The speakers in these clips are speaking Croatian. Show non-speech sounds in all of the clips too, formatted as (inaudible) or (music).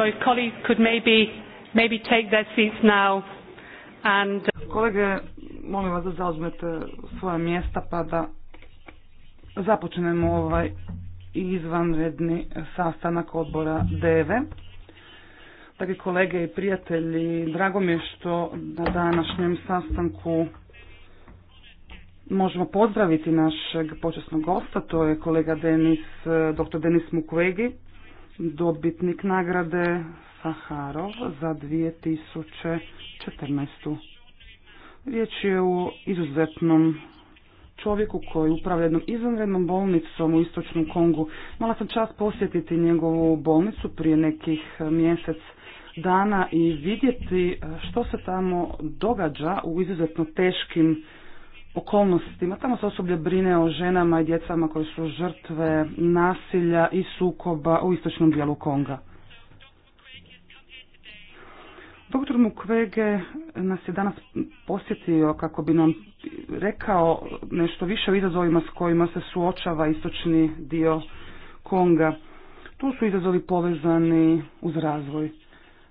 So if colleagues could maybe, maybe take their seats now and... Uh, kolege, molim vas da zauzmete svoja mjesta pa da započnemo ovaj izvanredni sastanak odbora DEVE. E. Dragi kolege i prijatelji, drago mi je što na današnjem sastanku možemo pozdraviti našeg počasnog gosta, to je kolega Denis, dr. Denis Mukvegi dobitnik nagrade Saharov za 2014. Riječ je o izuzetnom čovjeku koji upravlja jednom izvanrednom bolnicom u Istočnom Kongu. Mala sam čast posjetiti njegovu bolnicu prije nekih e, mjesec dana i vidjeti e, što se tamo događa u izuzetno teškim okolnostima. Tamo se osoblje brine o ženama i djecama koje su žrtve nasilja i sukoba u istočnom dijelu Konga. Doktor Mukwege nas je danas posjetio kako bi nam rekao nešto više o izazovima s kojima se suočava istočni dio Konga. Tu su izazovi povezani uz razvoj.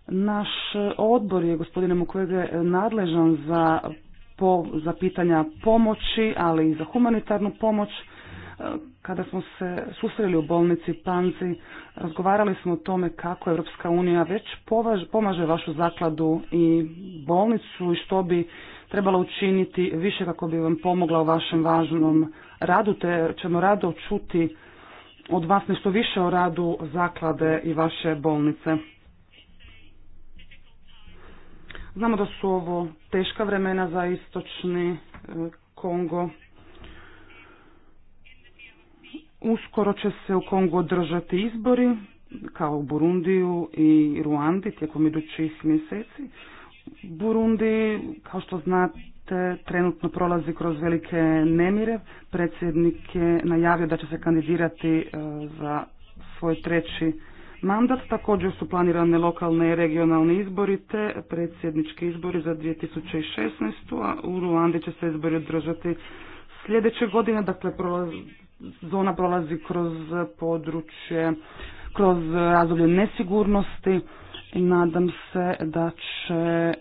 Naš odbor je, gospodine Mukwege, nadležan za po, za pitanja pomoći, ali i za humanitarnu pomoć. E, kada smo se susreli u bolnici Panzi, razgovarali smo o tome kako Europska unija već pomaže vašu zakladu i bolnicu i što bi trebalo učiniti više kako bi vam pomogla u vašem važnom radu, te ćemo rado čuti od vas nešto više o radu zaklade i vaše bolnice. Znamo da su ovo teška vremena za istočni e, Kongo. Uskoro će se u Kongo održati izbori, kao u Burundiju i Ruandi tijekom idućih mjeseci. Burundi, kao što znate, trenutno prolazi kroz velike nemire. Predsjednik je najavio da će se kandidirati e, za svoj treći mandat. Također su planirane lokalne i regionalne izbori te predsjednički izbori za 2016. a u Ruandi će se izbori održati sljedeće godine. Dakle, zona prolazi kroz područje, kroz razdoblje nesigurnosti i nadam se da će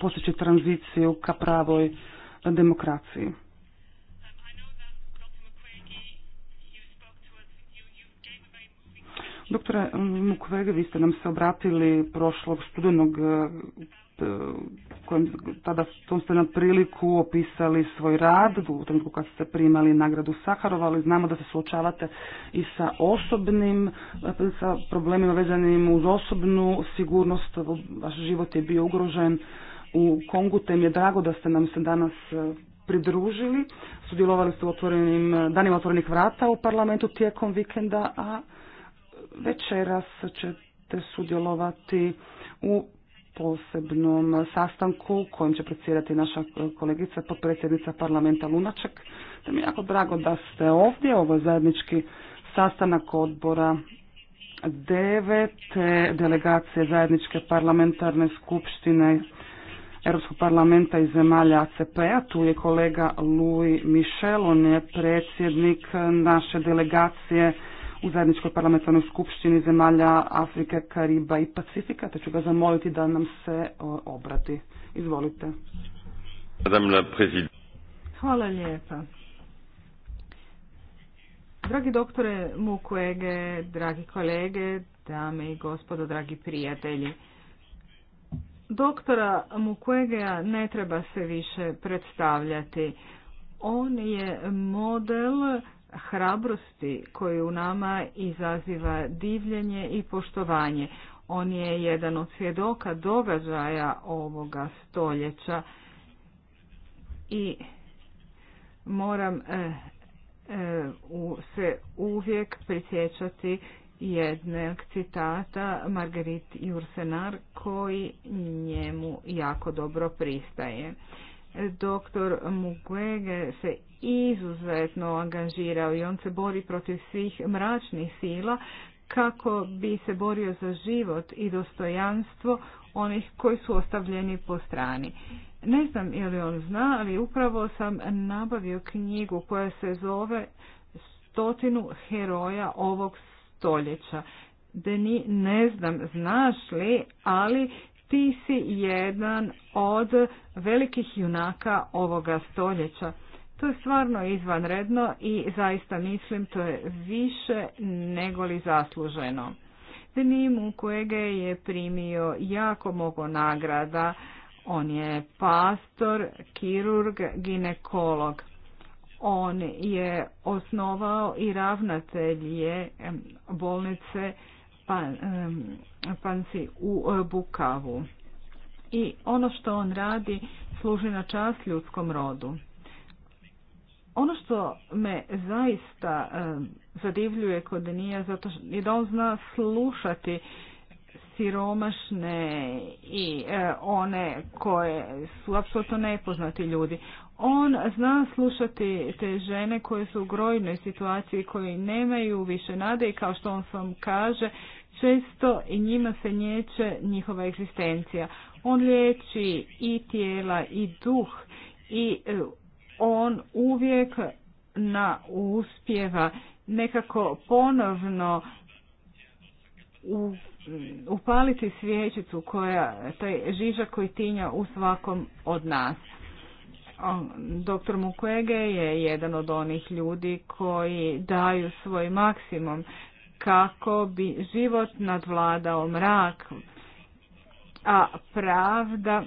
postići tranziciju ka pravoj demokraciji. Doktore Mukvege, vi ste nam se obratili prošlog studenog e, kojim, tada tom ste na priliku opisali svoj rad u trenutku kad ste primali nagradu Saharova, ali znamo da se suočavate i sa osobnim e, sa problemima vezanim uz osobnu sigurnost, vaš život je bio ugrožen u Kongu, te mi je drago da ste nam se danas e, pridružili. Sudjelovali ste u otvorenim, danima otvorenih vrata u parlamentu tijekom vikenda, a večeras ćete sudjelovati u posebnom sastanku kojim će predsjedati naša kolegica potpredsjednica parlamenta Lunaček. Da mi je jako drago da ste ovdje, ovo je zajednički sastanak odbora devet delegacije zajedničke parlamentarne skupštine Europskog parlamenta i zemalja ACP-a. Tu je kolega Louis Michel, on je predsjednik naše delegacije u zajedničkoj parlamentarnoj skupštini zemalja Afrike, Kariba i Pacifika, te ću ga zamoliti da nam se obrati. Izvolite. Hvala lijepa. Dragi doktore Mukwege, dragi kolege, dame i gospodo, dragi prijatelji. Doktora Mukwege ne treba se više predstavljati. On je model hrabrosti koji u nama izaziva divljenje i poštovanje. On je jedan od svjedoka događaja ovoga stoljeća i moram e, e, u, se uvijek prisjećati jednog citata Margarit Jursenar koji njemu jako dobro pristaje. Doktor Mugwege se izuzetno angažirao i on se bori protiv svih mračnih sila kako bi se borio za život i dostojanstvo onih koji su ostavljeni po strani. Ne znam je li on zna, ali upravo sam nabavio knjigu koja se zove Stotinu heroja ovog stoljeća. Deni, ne znam znaš li, ali ti si jedan od velikih junaka ovoga stoljeća. To je stvarno izvanredno i zaista mislim to je više nego li zasluženo. Denimu kojeg je primio jako mnogo nagrada. On je pastor, kirurg, ginekolog. On je osnovao i ravnatelj je bolnice pa, panci u e, Bukavu. I ono što on radi služi na čast ljudskom rodu. Ono što me zaista zadivljuje kod nije zato što je da on zna slušati siromašne i e, one koje su apsolutno nepoznati ljudi. On zna slušati te žene koje su u grojnoj situaciji, koje nemaju više nade i kao što on sam kaže, često i njima se nječe njihova egzistencija. On liječi i tijela i duh i e, on uvijek na uspjeva nekako ponovno upaliti svječicu, koja, taj žižak koji tinja u svakom od nas. Doktor Mukwege je jedan od onih ljudi koji daju svoj maksimum kako bi život nadvladao mrak, a pravda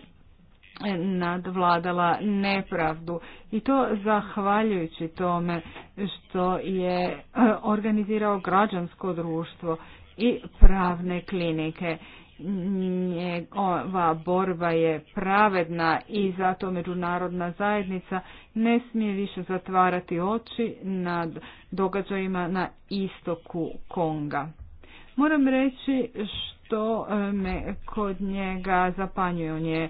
nadvladala nepravdu. I to zahvaljujući tome što je e, organizirao građansko društvo i pravne klinike. Njegova borba je pravedna i zato međunarodna zajednica ne smije više zatvarati oči nad događajima na istoku Konga. Moram reći što e, me kod njega zapanjuje. On je e,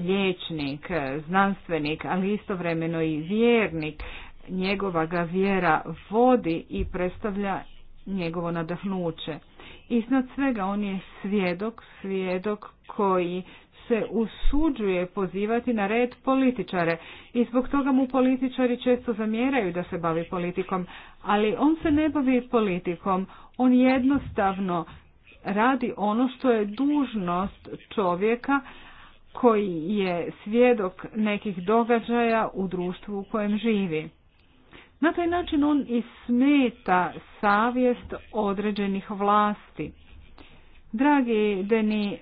liječnik, e, znanstvenik, ali istovremeno i vjernik. Njegova ga vjera vodi i predstavlja njegovo nadahnuće. Iznad svega on je svjedok, svjedok koji se usuđuje pozivati na red političare i zbog toga mu političari često zamjeraju da se bavi politikom, ali on se ne bavi politikom, on jednostavno radi ono što je dužnost čovjeka koji je svjedok nekih događaja u društvu u kojem živi. Na taj način on i smeta savjest određenih vlasti. Dragi Deni,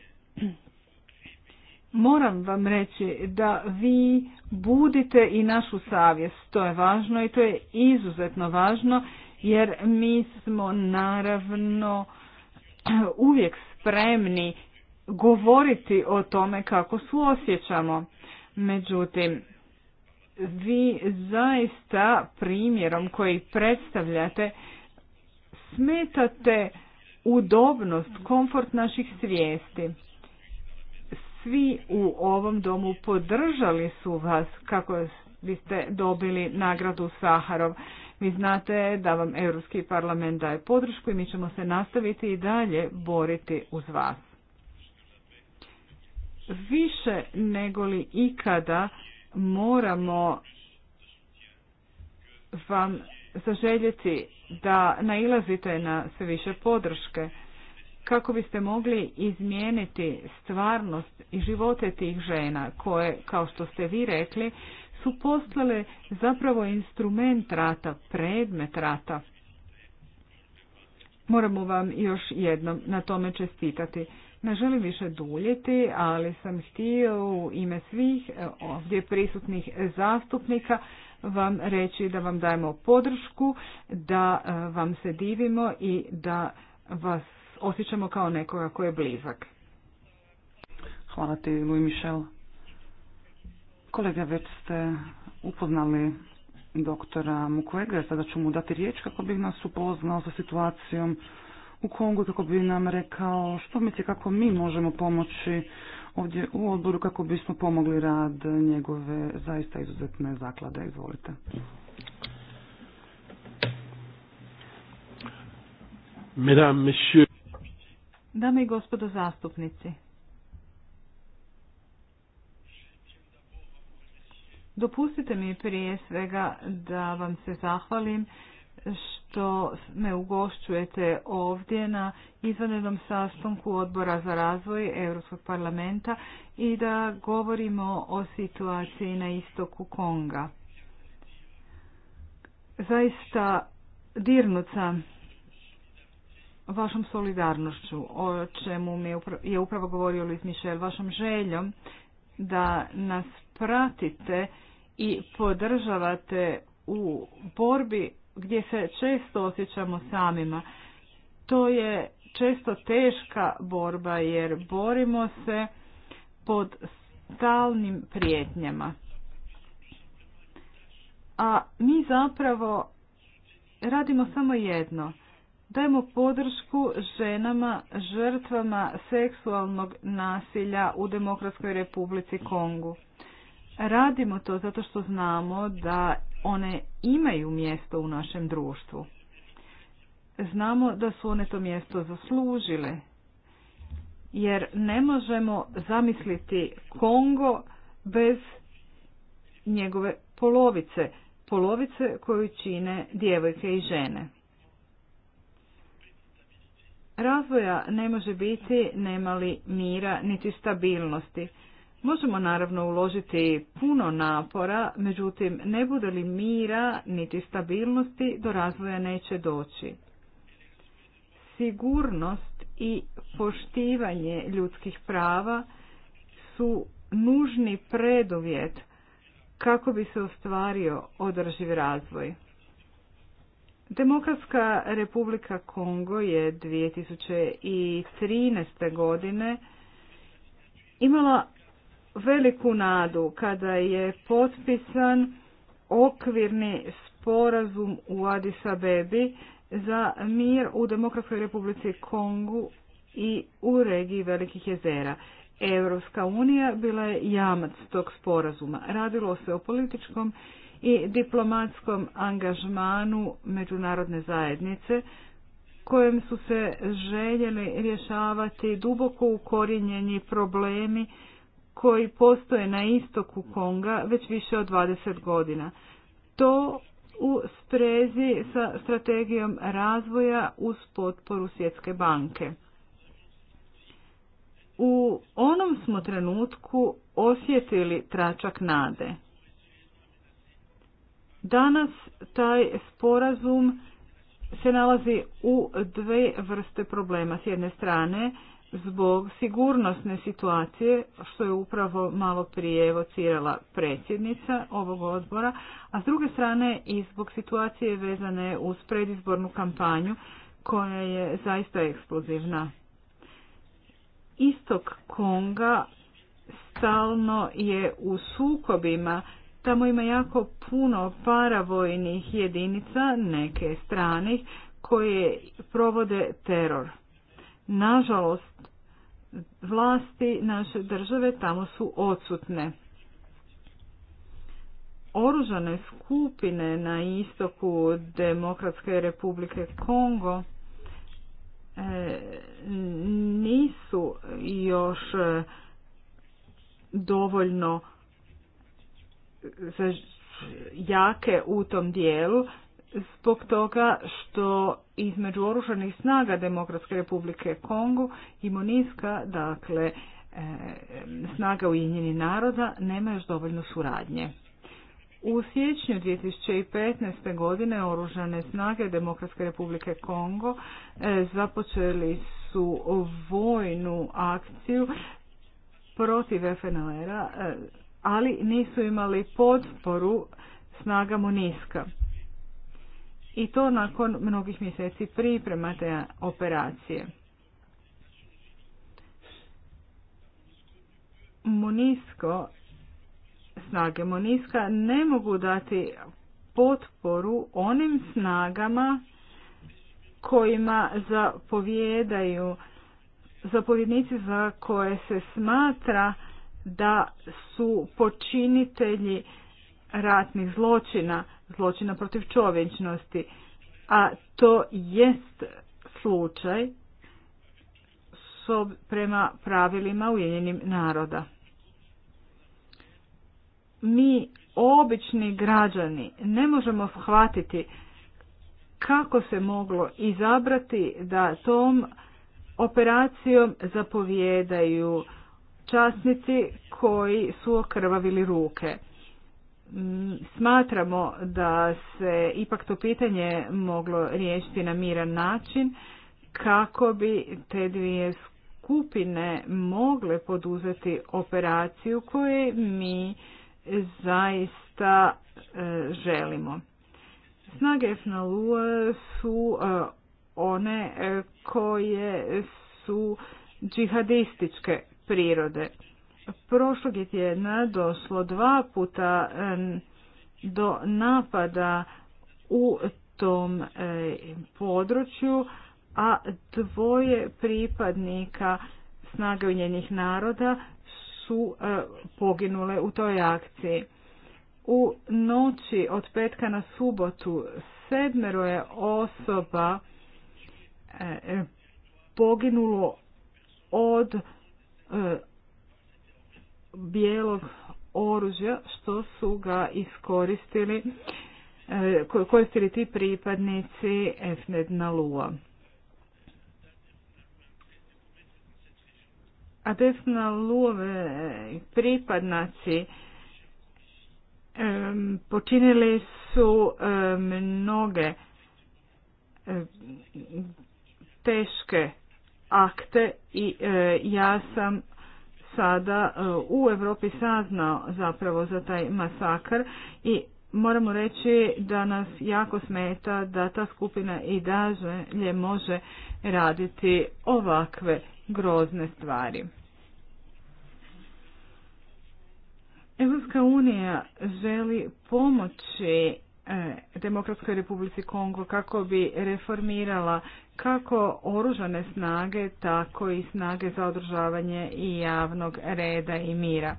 moram vam reći da vi budite i našu savjest. To je važno i to je izuzetno važno jer mi smo naravno uvijek spremni govoriti o tome kako suosjećamo. Međutim, vi zaista primjerom koji predstavljate smetate udobnost, komfort naših svijesti. Svi u ovom domu podržali su vas kako biste dobili nagradu Saharov. Vi znate da vam Europski parlament daje podršku i mi ćemo se nastaviti i dalje boriti uz vas. Više nego li ikada moramo vam zaželjeti da nailazite na sve više podrške kako biste mogli izmijeniti stvarnost i živote tih žena koje, kao što ste vi rekli, su postale zapravo instrument rata, predmet rata. Moramo vam još jednom na tome čestitati. Ne želim više duljiti, ali sam htio u ime svih e, ovdje prisutnih zastupnika vam reći da vam dajemo podršku, da e, vam se divimo i da vas osjećamo kao nekoga koji je blizak. Hvala ti, Louis Michel. Kolega, već ste upoznali doktora Mukwege, sada ću mu dati riječ kako bih nas upoznao sa situacijom u Kongu kako bi nam rekao što misli kako mi možemo pomoći ovdje u odboru kako bismo pomogli rad njegove zaista izuzetne zaklade. Izvolite. Dame i gospodo zastupnici, dopustite mi prije svega da vam se zahvalim što me ugošćujete ovdje na izvanrednom sastanku odbora za razvoj Europskog parlamenta i da govorimo o situaciji na istoku Konga. Zaista dirnut sam vašom solidarnošću, o čemu mi je upravo govorio Luis Michel, vašom željom da nas pratite i podržavate u borbi gdje se često osjećamo samima. To je često teška borba jer borimo se pod stalnim prijetnjama. A mi zapravo radimo samo jedno. Dajemo podršku ženama žrtvama seksualnog nasilja u Demokratskoj republici Kongu. Radimo to zato što znamo da one imaju mjesto u našem društvu. Znamo da su one to mjesto zaslužile, jer ne možemo zamisliti Kongo bez njegove polovice, polovice koju čine djevojke i žene. Razvoja ne može biti nema li mira niti stabilnosti. Možemo naravno uložiti puno napora, međutim ne bude li mira niti stabilnosti do razvoja neće doći. Sigurnost i poštivanje ljudskih prava su nužni preduvjet kako bi se ostvario održiv razvoj. Demokratska republika Kongo je 2013. godine imala veliku nadu kada je potpisan okvirni sporazum u Addis Abebi za mir u Demokratskoj republici Kongu i u regiji Velikih jezera. Europska unija bila je jamac tog sporazuma. Radilo se o političkom i diplomatskom angažmanu međunarodne zajednice kojem su se željeli rješavati duboko ukorinjeni problemi koji postoje na istoku Konga već više od 20 godina. To u sprezi sa strategijom razvoja uz potporu Svjetske banke. U onom smo trenutku osjetili tračak nade. Danas taj sporazum se nalazi u dve vrste problema. S jedne strane zbog sigurnosne situacije, što je upravo malo prije evocirala predsjednica ovog odbora, a s druge strane i zbog situacije vezane uz predizbornu kampanju koja je zaista eksplozivna. Istok Konga stalno je u sukobima, tamo ima jako puno paravojnih jedinica, neke stranih, koje provode teror. Nažalost, vlasti naše države tamo su odsutne. Oružane skupine na istoku Demokratske republike Kongo e, nisu još e, dovoljno jake u tom dijelu zbog toga što između oružanih snaga Demokratske republike Kongo i Moniska, dakle, e, snaga injeni naroda nema još dovoljno suradnje. U siječnju 2015. godine oružane snage Demokratske republike Kongo e, započeli su vojnu akciju protiv fnr a e, ali nisu imali potporu snaga Moniska i to nakon mnogih mjeseci priprema te operacije. Monisko, snage Moniska ne mogu dati potporu onim snagama kojima zapovjedaju zapovjednici za koje se smatra da su počinitelji ratnih zločina zločina protiv čovječnosti. A to jest slučaj prema pravilima Ujedinjenim naroda. Mi, obični građani, ne možemo shvatiti kako se moglo izabrati da tom operacijom zapovjedaju časnici koji su okrvavili ruke. Mm, smatramo da se ipak to pitanje moglo riješiti na miran način kako bi te dvije skupine mogle poduzeti operaciju koju mi zaista e, želimo. Snage FNLU su e, one e, koje su džihadističke prirode. Prošlog je tjedna došlo dva puta do napada u tom području, a dvoje pripadnika snage naroda su e, poginule u toj akciji. U noći od petka na subotu sedmero je osoba e, poginulo od e, bijelog oružja što su ga iskoristili eh, koristili ti pripadnici efned na Lua. A e desna Luove pripadnaci počinili su mnoge teške akte i eh, ja sam sada e, u Europi saznao zapravo za taj masakar i moramo reći da nas jako smeta da ta skupina i dalje može raditi ovakve grozne stvari. Evropska unija želi pomoći E, Demokratskoj republici Kongo kako bi reformirala kako oružane snage, tako i snage za održavanje i javnog reda i mira.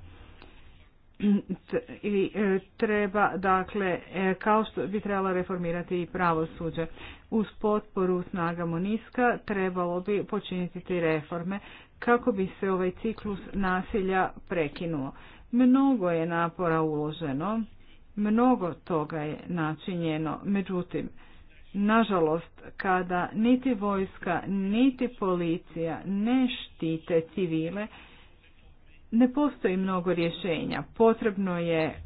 I e, treba, dakle, e, kao što bi trebala reformirati i pravosuđe. Uz potporu snaga Moniska trebalo bi počiniti reforme kako bi se ovaj ciklus nasilja prekinuo. Mnogo je napora uloženo Mnogo toga je načinjeno, međutim, nažalost, kada niti vojska, niti policija ne štite civile, ne postoji mnogo rješenja. Potrebno je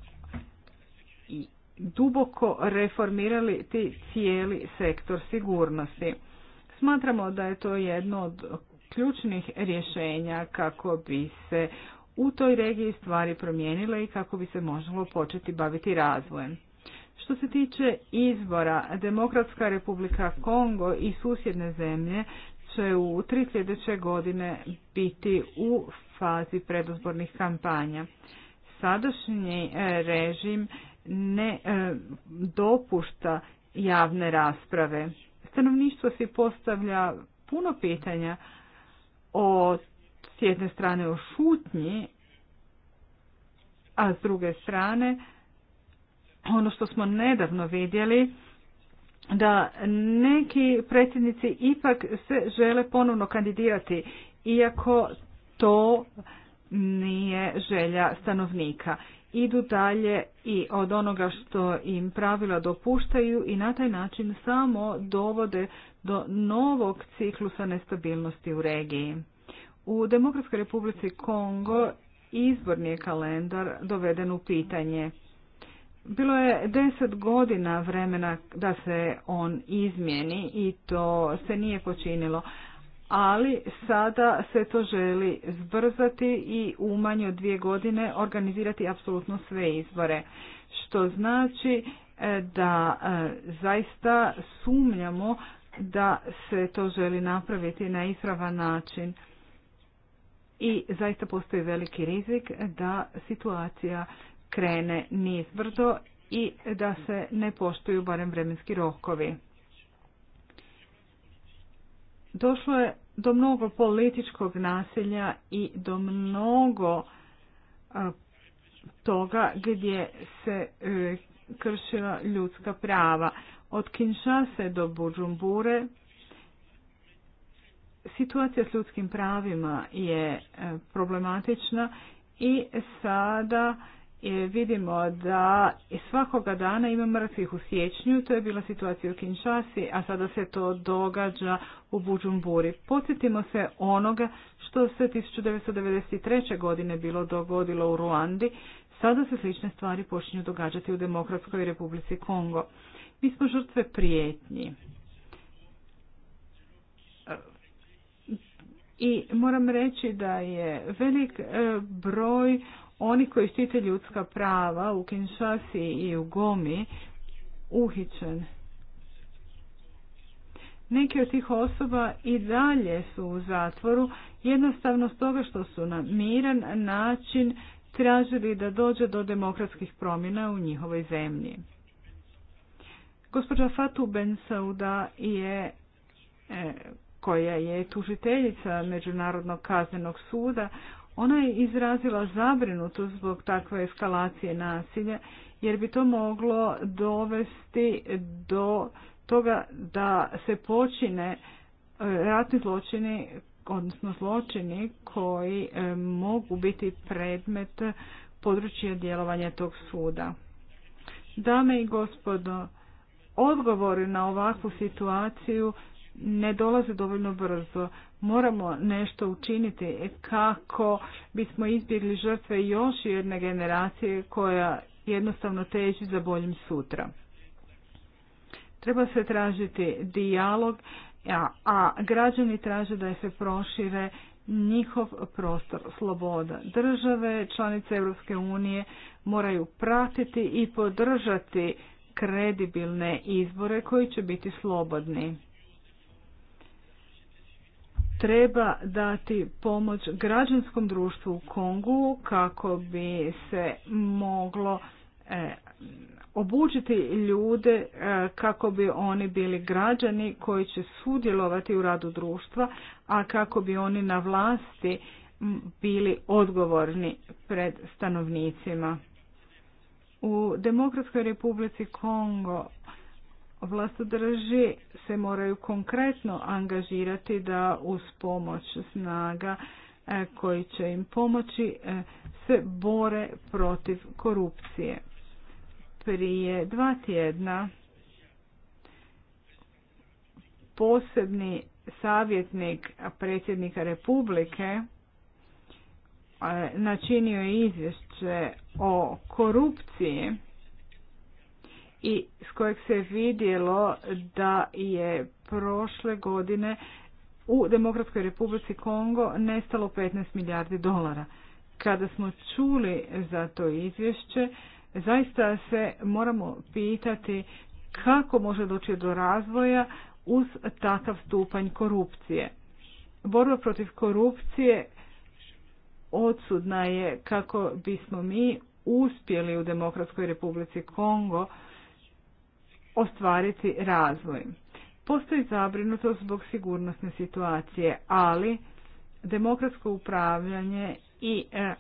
duboko reformirati cijeli sektor sigurnosti. Smatramo da je to jedno od ključnih rješenja kako bi se u toj regiji stvari promijenile i kako bi se možemo početi baviti razvojem. Što se tiče izbora, Demokratska republika Kongo i susjedne zemlje će u tri sljedeće godine biti u fazi predozbornih kampanja. Sadašnji e, režim ne e, dopušta javne rasprave. Stanovništvo si postavlja puno pitanja o s jedne strane o šutnji, a s druge strane ono što smo nedavno vidjeli da neki predsjednici ipak se žele ponovno kandidirati iako to nije želja stanovnika. Idu dalje i od onoga što im pravila dopuštaju i na taj način samo dovode do novog ciklusa nestabilnosti u regiji. U Demokratskoj republici Kongo izborni je kalendar doveden u pitanje. Bilo je deset godina vremena da se on izmijeni i to se nije počinilo, ali sada se to želi zbrzati i u manje od dvije godine organizirati apsolutno sve izbore, što znači e, da e, zaista sumnjamo da se to želi napraviti na ispravan način i zaista postoji veliki rizik da situacija krene nizbrdo i da se ne poštuju barem vremenski rokovi. Došlo je do mnogo političkog nasilja i do mnogo toga gdje se e, kršila ljudska prava. Od Kinshase do Bujumbure situacija s ljudskim pravima je e, problematična i sada e, vidimo da svakoga dana ima mrtvih u siječnju, to je bila situacija u Kinshasi, a sada se to događa u Buđumburi. Podsjetimo se onoga što se 1993. godine bilo dogodilo u Ruandi, sada se slične stvari počinju događati u Demokratskoj republici Kongo. Mi smo žrtve prijetnji. i moram reći da je velik e, broj oni koji štite ljudska prava u Kinshasi i u Gomi uhićen. Neki od tih osoba i dalje su u zatvoru jednostavno toga što su na miran način tražili da dođe do demokratskih promjena u njihovoj zemlji. Gospođa Fatu Ben Sauda je e, koja je tužiteljica Međunarodnog kaznenog suda, ona je izrazila zabrinutost zbog takve eskalacije nasilja, jer bi to moglo dovesti do toga da se počine e, ratni zločini, odnosno zločini koji e, mogu biti predmet područja djelovanja tog suda. Dame i gospodo, odgovori na ovakvu situaciju ne dolaze dovoljno brzo. Moramo nešto učiniti kako bismo izbjegli žrtve još jedne generacije koja jednostavno teži za boljim sutra. Treba se tražiti dijalog, a, građani traže da se prošire njihov prostor sloboda. Države, članice Europske unije moraju pratiti i podržati kredibilne izbore koji će biti slobodni treba dati pomoć građanskom društvu u Kongu kako bi se moglo e, obučiti ljude e, kako bi oni bili građani koji će sudjelovati u radu društva, a kako bi oni na vlasti bili odgovorni pred stanovnicima. U Demokratskoj republici Kongo vlastodrži se moraju konkretno angažirati da uz pomoć snaga e, koji će im pomoći e, se bore protiv korupcije. Prije dva tjedna posebni savjetnik predsjednika Republike e, načinio je izvješće o korupciji i s kojeg se vidjelo da je prošle godine u Demokratskoj republici Kongo nestalo 15 milijardi dolara. Kada smo čuli za to izvješće, zaista se moramo pitati kako može doći do razvoja uz takav stupanj korupcije. Borba protiv korupcije odsudna je kako bismo mi uspjeli u Demokratskoj republici Kongo ostvariti razvoj. Postoji zabrinutost zbog sigurnosne situacije, ali demokratsko upravljanje i e, e,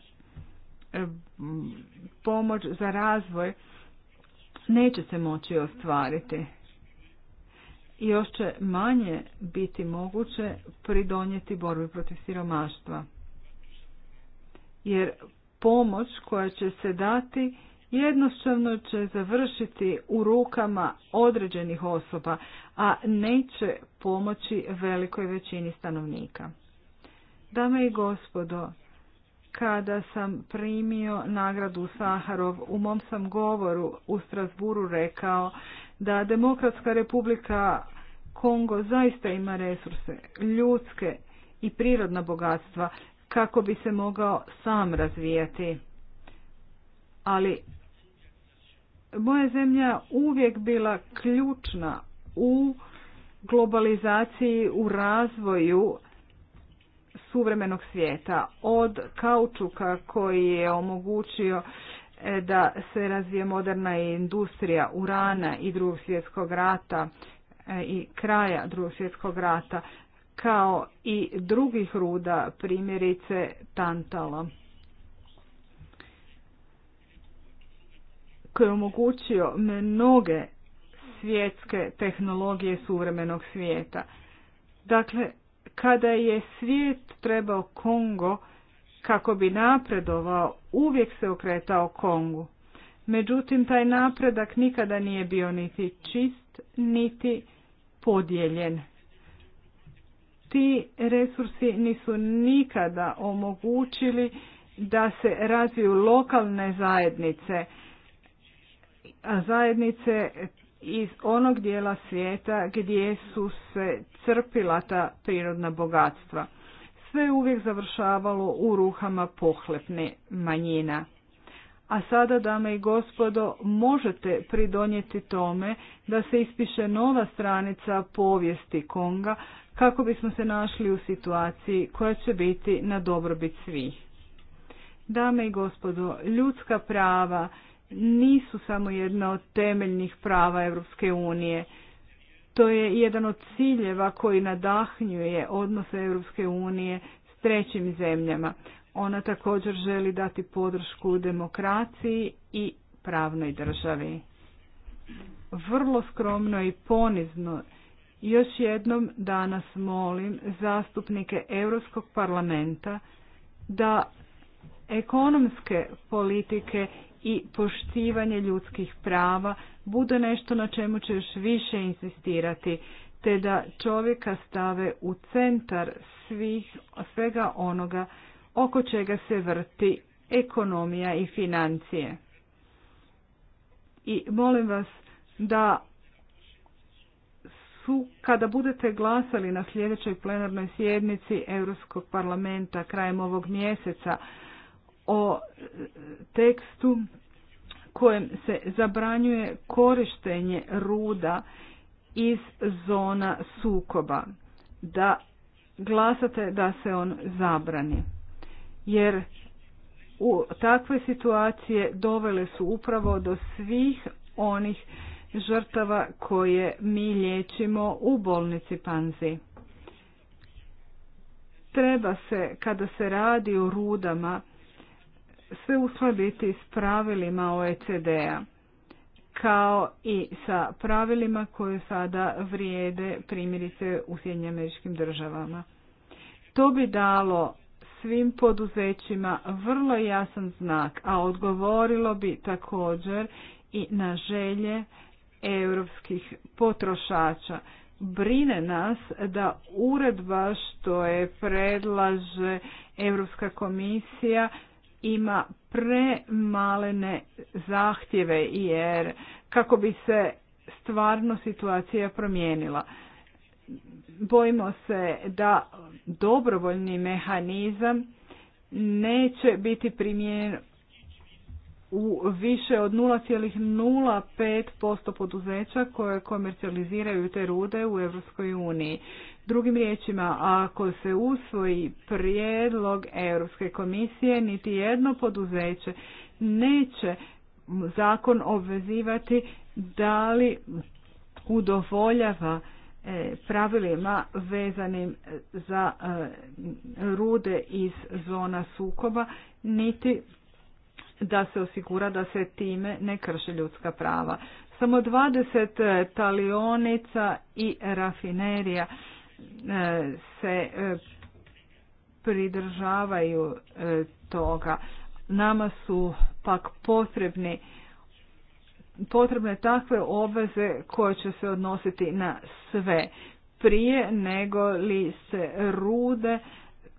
pomoć za razvoj neće se moći ostvariti. I još će manje biti moguće pridonijeti borbi protiv siromaštva. Jer pomoć koja će se dati jednostavno će završiti u rukama određenih osoba, a neće pomoći velikoj većini stanovnika. Dame i gospodo, kada sam primio nagradu Saharov, u mom sam govoru u Strasburu rekao da Demokratska republika Kongo zaista ima resurse, ljudske i prirodna bogatstva kako bi se mogao sam razvijati. Ali moja zemlja uvijek bila ključna u globalizaciji, u razvoju suvremenog svijeta. Od kaučuka koji je omogućio e, da se razvije moderna industrija urana i drugog svjetskog rata e, i kraja drugog svjetskog rata kao i drugih ruda, primjerice Tantalo. koji je omogućio mnoge svjetske tehnologije suvremenog svijeta. Dakle, kada je svijet trebao Kongo kako bi napredovao, uvijek se okretao Kongu. Međutim, taj napredak nikada nije bio niti čist, niti podijeljen. Ti resursi nisu nikada omogućili da se razviju lokalne zajednice, a zajednice iz onog dijela svijeta gdje su se crpila ta prirodna bogatstva. Sve je uvijek završavalo u ruhama pohlepne manjina. A sada, dame i gospodo, možete pridonijeti tome da se ispiše nova stranica povijesti Konga kako bismo se našli u situaciji koja će biti na dobrobit svih. Dame i gospodo, ljudska prava nisu samo jedna od temeljnih prava Europske unije. To je jedan od ciljeva koji nadahnjuje odnose Europske unije s trećim zemljama. Ona također želi dati podršku demokraciji i pravnoj državi. Vrlo skromno i ponizno još jednom danas molim zastupnike Europskog parlamenta da ekonomske politike i poštivanje ljudskih prava bude nešto na čemu će još više insistirati, te da čovjeka stave u centar svih, svega onoga oko čega se vrti ekonomija i financije. I molim vas da su, kada budete glasali na sljedećoj plenarnoj sjednici Europskog parlamenta krajem ovog mjeseca, o e, tekstu kojem se zabranjuje korištenje ruda iz zona sukoba. Da glasate da se on zabrani. Jer u takve situacije dovele su upravo do svih onih žrtava koje mi liječimo u bolnici Panzi. Treba se, kada se radi o rudama, sve uskladiti s pravilima OECD-a kao i sa pravilima koje sada vrijede primjerice u Sjedinjenim američkim državama. To bi dalo svim poduzećima vrlo jasan znak, a odgovorilo bi također i na želje europskih potrošača. Brine nas da uredba što je predlaže Europska komisija ima premalene zahtjeve jer kako bi se stvarno situacija promijenila. Bojimo se da dobrovoljni mehanizam neće biti primijenjen u više od 0,05% poduzeća koje komercijaliziraju te rude u Europskoj uniji. Drugim riječima, ako se usvoji prijedlog Europske komisije, niti jedno poduzeće neće zakon obvezivati da li udovoljava e, pravilima vezanim za e, rude iz zona sukoba, niti da se osigura da se time ne krše ljudska prava. Samo 20 talionica i rafinerija e, se e, pridržavaju e, toga. Nama su pak potrebni potrebne takve obveze koje će se odnositi na sve prije nego li se rude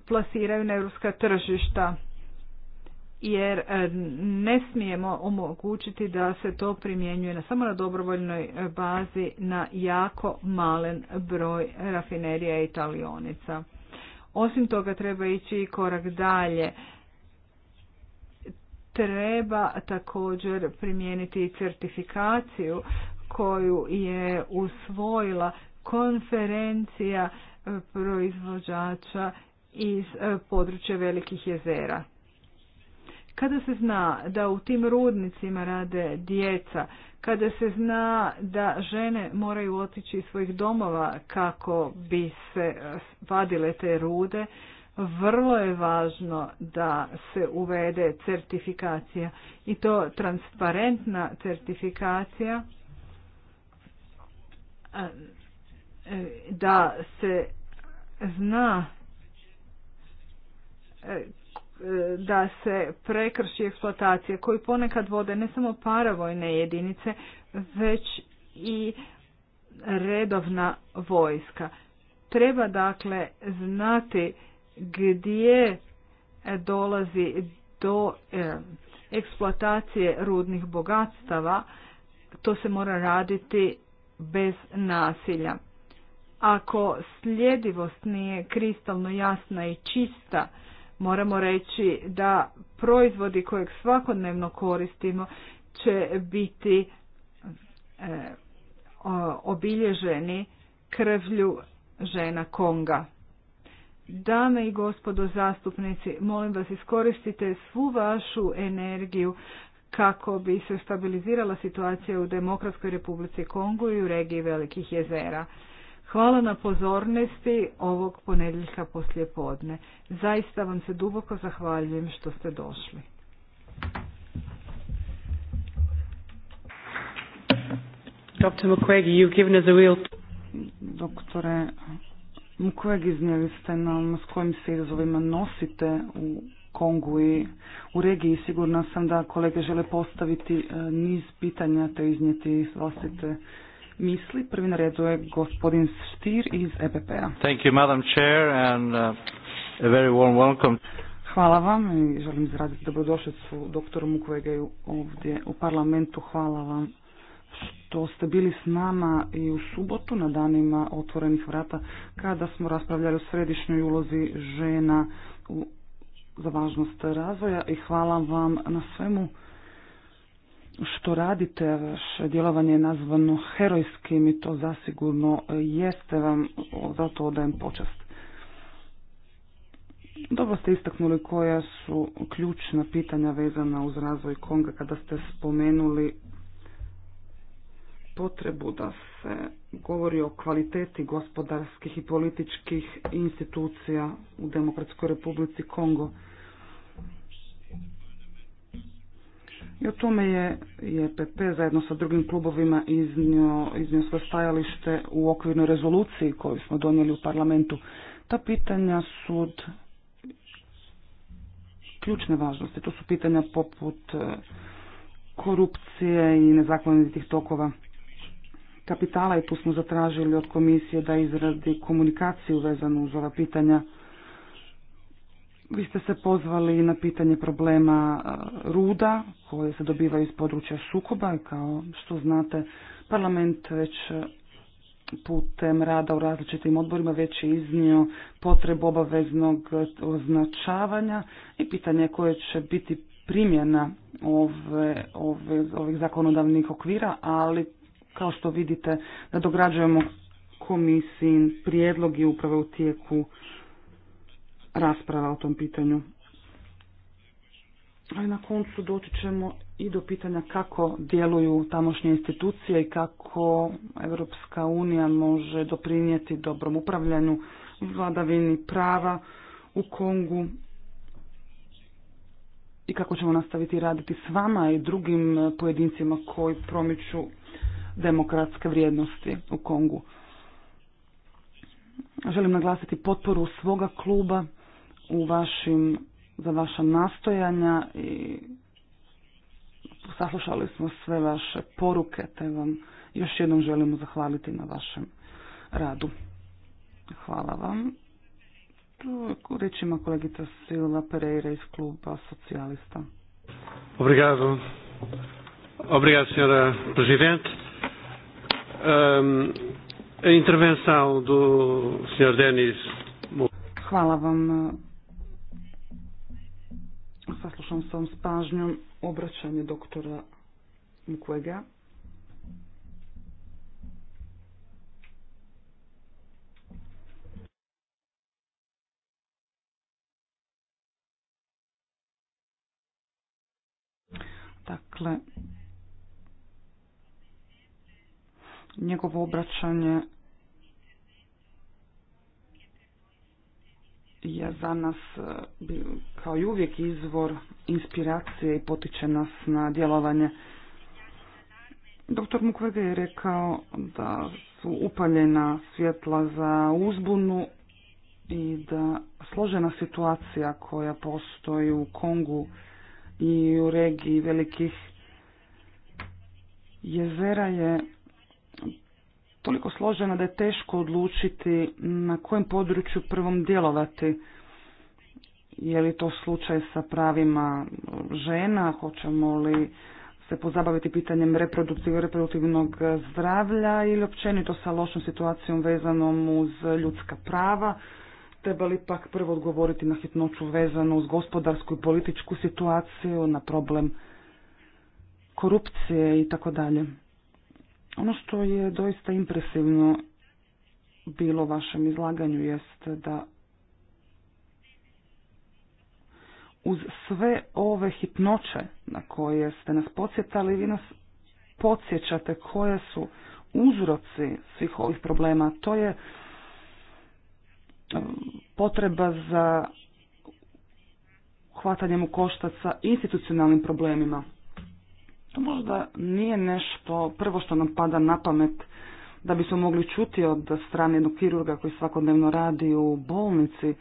plasiraju na europska tržišta jer e, ne smijemo omogućiti da se to primjenjuje na samo na dobrovoljnoj e, bazi na jako malen broj rafinerija i Osim toga treba ići i korak dalje. Treba također primijeniti i certifikaciju koju je usvojila konferencija e, proizvođača iz područja velikih jezera. Kada se zna da u tim rudnicima rade djeca, kada se zna da žene moraju otići iz svojih domova kako bi se vadile te rude, vrlo je važno da se uvede certifikacija i to transparentna certifikacija da se zna da se prekrši eksploatacije koji ponekad vode ne samo paravojne jedinice, već i redovna vojska. Treba dakle znati gdje dolazi do e, eksploatacije rudnih bogatstava, to se mora raditi bez nasilja. Ako sljedivost nije kristalno jasna i čista, Moramo reći da proizvodi kojeg svakodnevno koristimo će biti e, obilježeni krvlju žena Konga. Dame i gospodo zastupnici, molim vas iskoristite svu vašu energiju kako bi se stabilizirala situacija u Demokratskoj republici Kongu i u regiji Velikih jezera. Hvala na pozornosti ovog ponedjeljka poslije podne. Zaista vam se duboko zahvaljujem što ste došli. Dr. Mukwege, given us a real... Doktore Mukwege, iznijeli ste nam s kojim se izazovima nosite u Kongu i u regiji. Sigurna sam da kolege žele postaviti e, niz pitanja te iznijeti vlastite misli. Prvi na redu je gospodin Stier iz EPP-a. Thank you, Madam Chair, and uh, a very warm welcome. Hvala vam i želim izraziti dobrodošlicu doktoru Mukwegeju ovdje u parlamentu. Hvala vam što ste bili s nama i u subotu na danima otvorenih vrata kada smo raspravljali o središnjoj ulozi žena u, za važnost razvoja i hvala vam na svemu što radite, vaše djelovanje je nazvano herojskim i to zasigurno jeste vam, zato odajem počast. Dobro ste istaknuli koja su ključna pitanja vezana uz razvoj Konga kada ste spomenuli potrebu da se govori o kvaliteti gospodarskih i političkih institucija u Demokratskoj republici Kongo. I o tome je EPP zajedno sa drugim klubovima iznio, svoje stajalište u okvirnoj rezoluciji koju smo donijeli u parlamentu. Ta pitanja su ključne važnosti. To su pitanja poput e, korupcije i nezakonitih tokova kapitala i tu smo zatražili od komisije da izradi komunikaciju vezanu uz ova pitanja. Vi ste se pozvali na pitanje problema e, ruda koje se dobiva iz područja sukoba kao što znate parlament već putem rada u različitim odborima već je iznio potrebu obaveznog označavanja i pitanje koje će biti primjena ove, ove, ovih zakonodavnih okvira, ali kao što vidite da dograđujemo komisiji prijedlog i upravo u tijeku rasprava o tom pitanju. A na koncu doći ćemo i do pitanja kako djeluju tamošnje institucije i kako Europska unija može doprinijeti dobrom upravljanju vladavini prava u Kongu i kako ćemo nastaviti raditi s vama i drugim pojedincima koji promiču demokratske vrijednosti u Kongu. Želim naglasiti potporu svoga kluba u vašim, za vaša nastojanja i saslušali smo sve vaše poruke, te vam još jednom želimo zahvaliti na vašem radu. Hvala vam. Tu rečima kolegica Silva Pereira iz kluba socijalista. Obrigado. Obrigado, senhora presidente. Um, intervenção do senhor Denis Hvala vam Slušam sam s pažnjom obraćanje doktora Mukwege. Dakle, njegovo obraćanje je za nas e, kao i uvijek izvor inspiracije i potiče nas na djelovanje. Doktor Mukwege je rekao da su upaljena svjetla za uzbunu i da složena situacija koja postoji u Kongu i u regiji velikih jezera je toliko složena da je teško odlučiti na kojem području prvom djelovati. Je li to slučaj sa pravima žena, hoćemo li se pozabaviti pitanjem reproduktivnog, reproduktivnog zdravlja ili općenito sa lošom situacijom vezanom uz ljudska prava. Treba li pak prvo odgovoriti na hitnoću vezanu uz gospodarsku i političku situaciju, na problem korupcije i tako dalje. Ono što je doista impresivno bilo vašem izlaganju jest da uz sve ove hitnoće na koje ste nas podsjetali, vi nas podsjećate koje su uzroci svih ovih problema. To je e, potreba za hvatanjem u koštac institucionalnim problemima. To možda nije nešto prvo što nam pada na pamet da bismo mogli čuti od strane jednog kirurga koji svakodnevno radi u bolnici.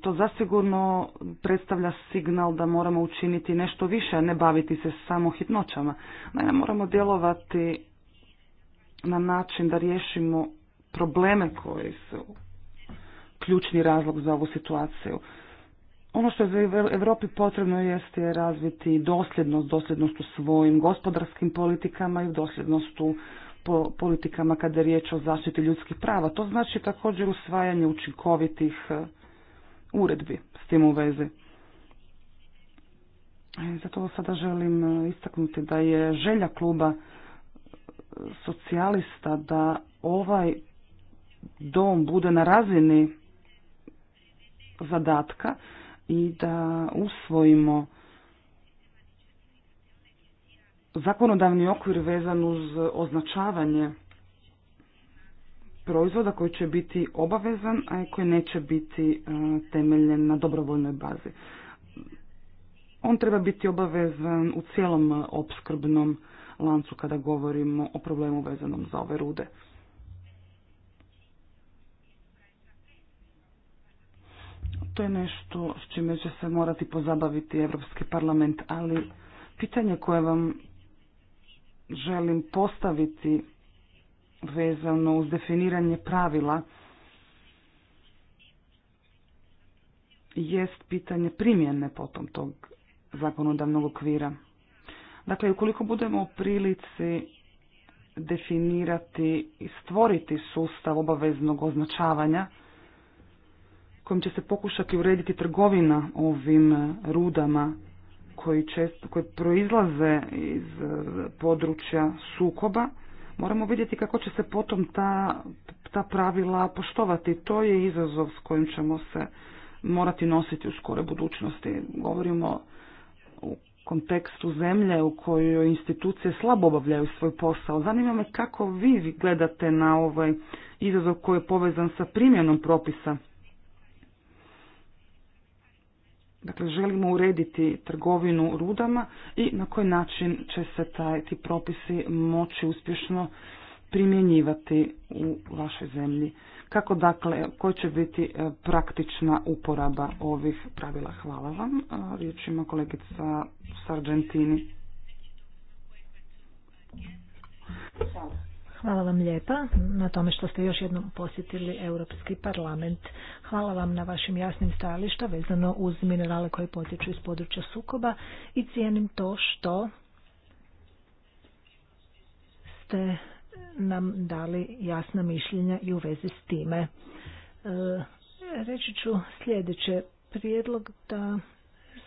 To zasigurno predstavlja signal da moramo učiniti nešto više, a ne baviti se samo hitnoćama. Naime, moramo djelovati na način da riješimo probleme koji su ključni razlog za ovu situaciju. Ono što je za Europi potrebno jest je razviti dosljednost, dosljednost u svojim gospodarskim politikama i dosljednost u politikama kada je riječ o zaštiti ljudskih prava. To znači također usvajanje učinkovitih e, uredbi s tim u vezi. E, zato sada želim e, istaknuti da je želja kluba socijalista da ovaj dom bude na razini zadatka i da usvojimo zakonodavni okvir vezan uz označavanje proizvoda koji će biti obavezan, a koji neće biti e, temeljen na dobrovoljnoj bazi. On treba biti obavezan u cijelom opskrbnom lancu kada govorimo o problemu vezanom za ove rude. To je nešto s čime će se morati pozabaviti Europski parlament, ali pitanje koje vam želim postaviti vezano uz definiranje pravila jest pitanje primjene potom tog zakonodavnog okvira. Dakle, ukoliko budemo u prilici definirati i stvoriti sustav obaveznog označavanja, kojim će se pokušati urediti trgovina ovim e, rudama koji često, koji proizlaze iz e, područja sukoba, moramo vidjeti kako će se potom ta, ta pravila poštovati. To je izazov s kojim ćemo se morati nositi u skore budućnosti. Govorimo u kontekstu zemlje u kojoj institucije slabo obavljaju svoj posao. Zanima me kako vi gledate na ovaj izazov koji je povezan sa primjenom propisa Dakle, želimo urediti trgovinu rudama i na koji način će se taj, ti propisi moći uspješno primjenjivati u vašoj zemlji. Kako dakle, koji će biti e, praktična uporaba ovih pravila? Hvala vam. E, riječ ima kolegica Sargentini. Hvala vam lijepa na tome što ste još jednom posjetili Europski parlament. Hvala vam na vašim jasnim stajališta vezano uz minerale koji potječu iz područja sukoba i cijenim to što ste nam dali jasna mišljenja i u vezi s time. E, reći ću sljedeće prijedlog da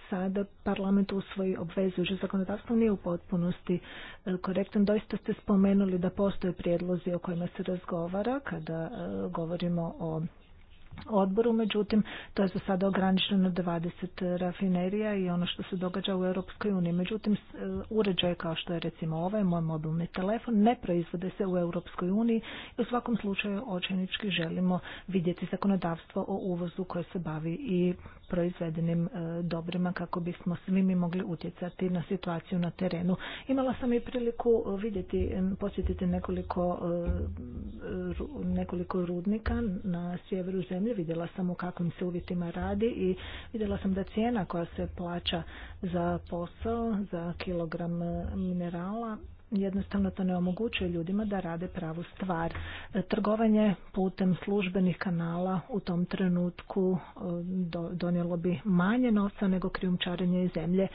sada parlament usvoji obvezujuće zakonodavstvo nije u potpunosti e, korektan. Doista ste spomenuli da postoje prijedlozi o kojima se razgovara kada e, govorimo o odboru, međutim to je za sada ograničeno 20 rafinerija i ono što se događa u Europskoj uniji. Međutim, e, uređaj kao što je recimo ovaj, moj mobilni telefon, ne proizvode se u Europskoj uniji i u svakom slučaju očajnički želimo vidjeti zakonodavstvo o uvozu koje se bavi i proizvedenim e, dobrima kako bismo svi mi mogli utjecati na situaciju na terenu. Imala sam i priliku e, vidjeti, posjetiti nekoliko, nekoliko rudnika na sjeveru zemlji vidjela sam u kakvim se uvjetima radi i vidjela sam da cijena koja se plaća za posao, za kilogram e, minerala, jednostavno to ne omogućuje ljudima da rade pravu stvar. E, trgovanje putem službenih kanala u tom trenutku e, donijelo bi manje novca nego krijumčarenje iz zemlje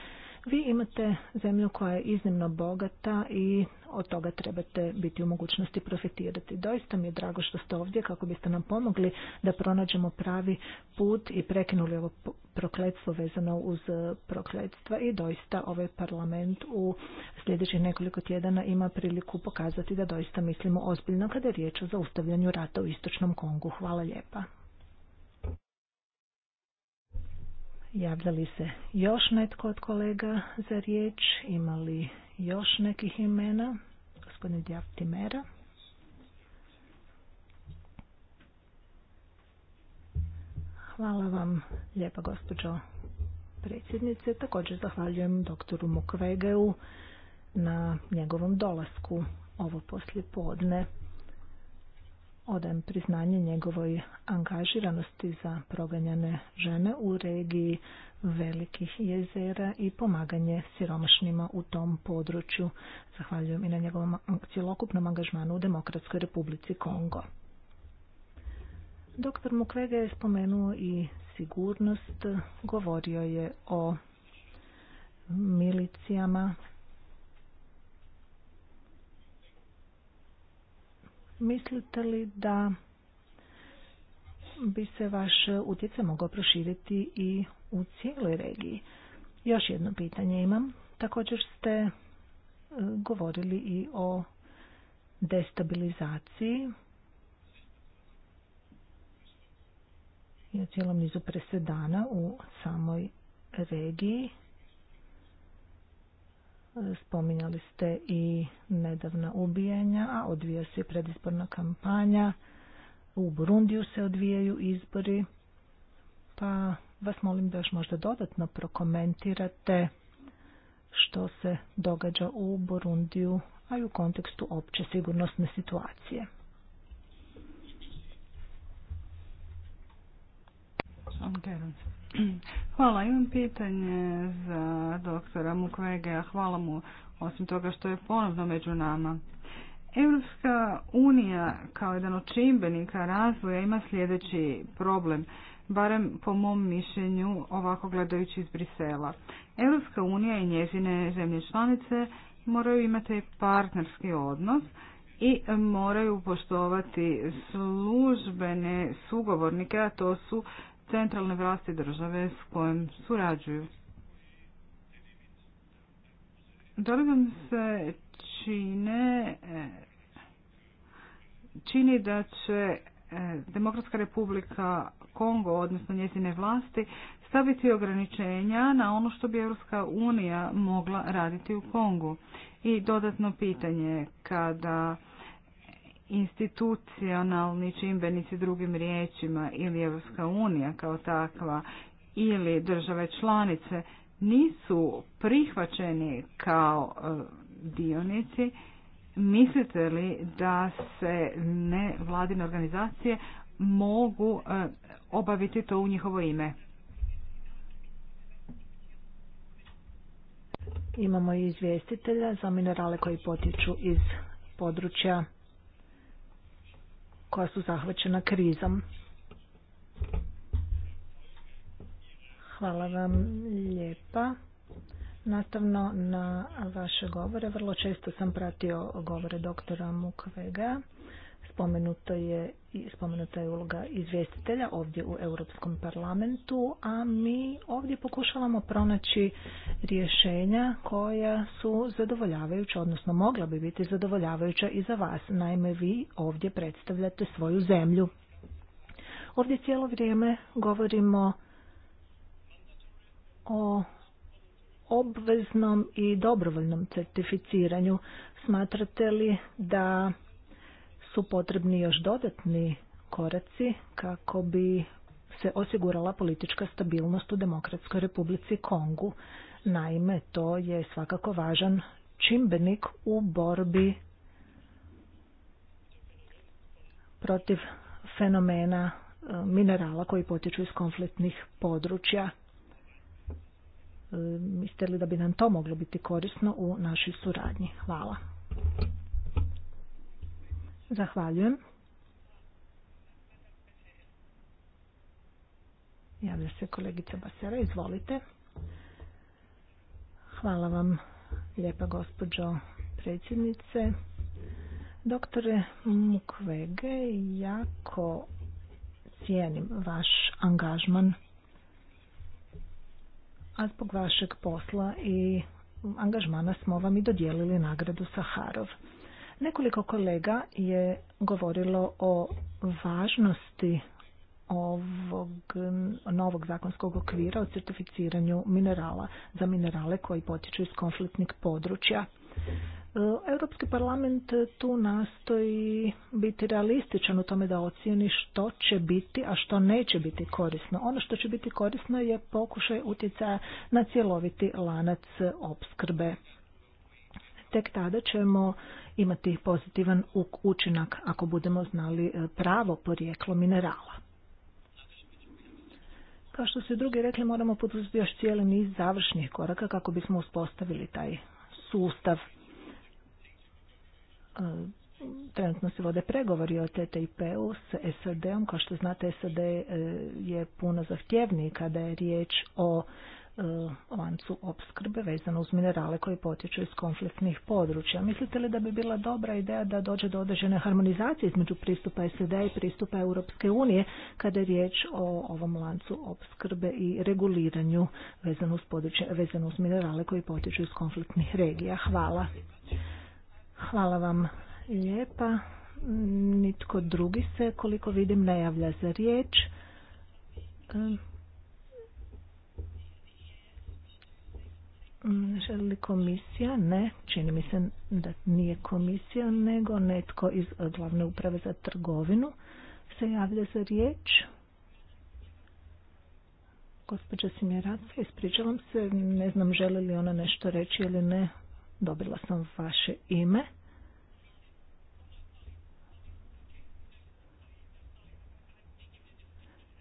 vi imate zemlju koja je iznimno bogata i od toga trebate biti u mogućnosti profitirati. Doista mi je drago što ste ovdje kako biste nam pomogli da pronađemo pravi put i prekinuli ovo prokletstvo vezano uz e, prokletstva i doista ovaj parlament u sljedećih nekoliko tjedana ima priliku pokazati da doista mislimo ozbiljno kada je riječ o zaustavljanju rata u Istočnom Kongu. Hvala lijepa. Javljali se još netko od kolega za riječ? imali još nekih imena? Gospodin timera Hvala vam lijepa gospođo predsjednice. Također zahvaljujem doktoru Mukvegeu na njegovom dolasku ovo poslje podne. Odem priznanje njegovoj angažiranosti za proganjane žene u regiji velikih jezera i pomaganje siromašnima u tom području. Zahvaljujem i na njegovom cjelokupnom angažmanu u Demokratskoj republici Kongo. Doktor Mukwege je spomenuo i sigurnost, govorio je o milicijama Mislite li da bi se vaš utjecaj mogao proširiti i u cijeloj regiji? Još jedno pitanje imam. Također ste e, govorili i o destabilizaciji i o cijelom nizu presedana u samoj regiji spominjali ste i nedavna ubijanja, a odvija se predizborna kampanja, u Burundiju se odvijaju izbori, pa vas molim da još možda dodatno prokomentirate što se događa u Burundiju, a i u kontekstu opće sigurnosne situacije. Hvala. (clears throat) Hvala, imam pitanje za doktora Mukwege, hvala mu osim toga što je ponovno među nama. Europska unija kao jedan od čimbenika razvoja ima sljedeći problem, barem po mom mišljenju ovako gledajući iz Brisela. Europska unija i njezine zemlje članice moraju imati partnerski odnos i moraju poštovati službene sugovornike, a to su centralne vlasti države s kojom surađuju. Da se čine, e, čini da će e, Demokratska republika Kongo, odnosno njezine vlasti, staviti ograničenja na ono što bi Europska unija mogla raditi u Kongu. I dodatno pitanje, kada institucionalni čimbenici drugim riječima ili Evropska unija kao takva ili države članice nisu prihvaćeni kao e, dionici, mislite li da se ne vladine organizacije mogu e, obaviti to u njihovo ime? Imamo i izvjestitelja za minerale koji potiču iz područja koja su zahvaćena krizom. Hvala vam lijepa. Nastavno na vaše govore, vrlo često sam pratio govore doktora Mukvega Spomenuto je, spomenuta je uloga izvjestitelja ovdje u Europskom parlamentu, a mi ovdje pokušavamo pronaći rješenja koja su zadovoljavajuća, odnosno mogla bi biti zadovoljavajuća i za vas. Naime, vi ovdje predstavljate svoju zemlju. Ovdje cijelo vrijeme govorimo o obveznom i dobrovoljnom certificiranju. Smatrate li da su potrebni još dodatni koraci kako bi se osigurala politička stabilnost u Demokratskoj republici Kongu. Naime, to je svakako važan čimbenik u borbi protiv fenomena e, minerala koji potiču iz konfliktnih područja. E, mislite li da bi nam to moglo biti korisno u našoj suradnji? Hvala. Zahvaljujem. Javlja se kolegica Basera, izvolite. Hvala vam, lijepa gospođo predsjednice. Doktore Mukwege, jako cijenim vaš angažman, a zbog vašeg posla i angažmana smo vam i dodijelili nagradu Saharov. Nekoliko kolega je govorilo o važnosti ovog novog zakonskog okvira o certificiranju minerala za minerale koji potiču iz konfliktnih područja. Europski parlament tu nastoji biti realističan u tome da ocijeni što će biti, a što neće biti korisno. Ono što će biti korisno je pokušaj utjecaja na cjeloviti lanac opskrbe tek tada ćemo imati pozitivan učinak ako budemo znali e, pravo porijeklo minerala. Kao što su drugi rekli, moramo poduzeti još cijeli niz završnih koraka kako bismo uspostavili taj sustav. E, trenutno se vode pregovori o TTIP-u s SAD-om. Kao što znate, SAD e, je puno zahtjevniji kada je riječ o E, lancu opskrbe vezano uz minerale koji potječu iz konfliktnih područja. Mislite li da bi bila dobra ideja da dođe do određene harmonizacije između pristupa SED i pristupa Europske unije kada je riječ o ovom lancu opskrbe i reguliranju vezano uz, vezano uz minerale koji potječu iz konfliktnih regija? Hvala. Hvala vam lijepa. Nitko drugi se, koliko vidim, ne javlja za riječ. E, Mm, želi li komisija? Ne, čini mi se da nije komisija, nego netko iz glavne uprave za trgovinu se javlja za riječ. Gospođa Simjeraca, ispričavam se, ne znam želi li ona nešto reći ili ne, dobila sam vaše ime.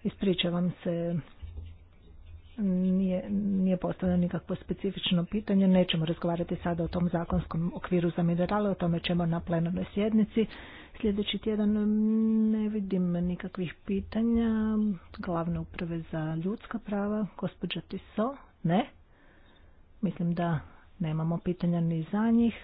Ispričavam se, nije, nije postavljeno nikakvo specifično pitanje. Nećemo razgovarati sada o tom zakonskom okviru za minerale, o tome ćemo na plenarnoj sjednici. Sljedeći tjedan ne vidim nikakvih pitanja. Glavne uprave za ljudska prava, gospođa Tiso, ne. Mislim da nemamo pitanja ni za njih.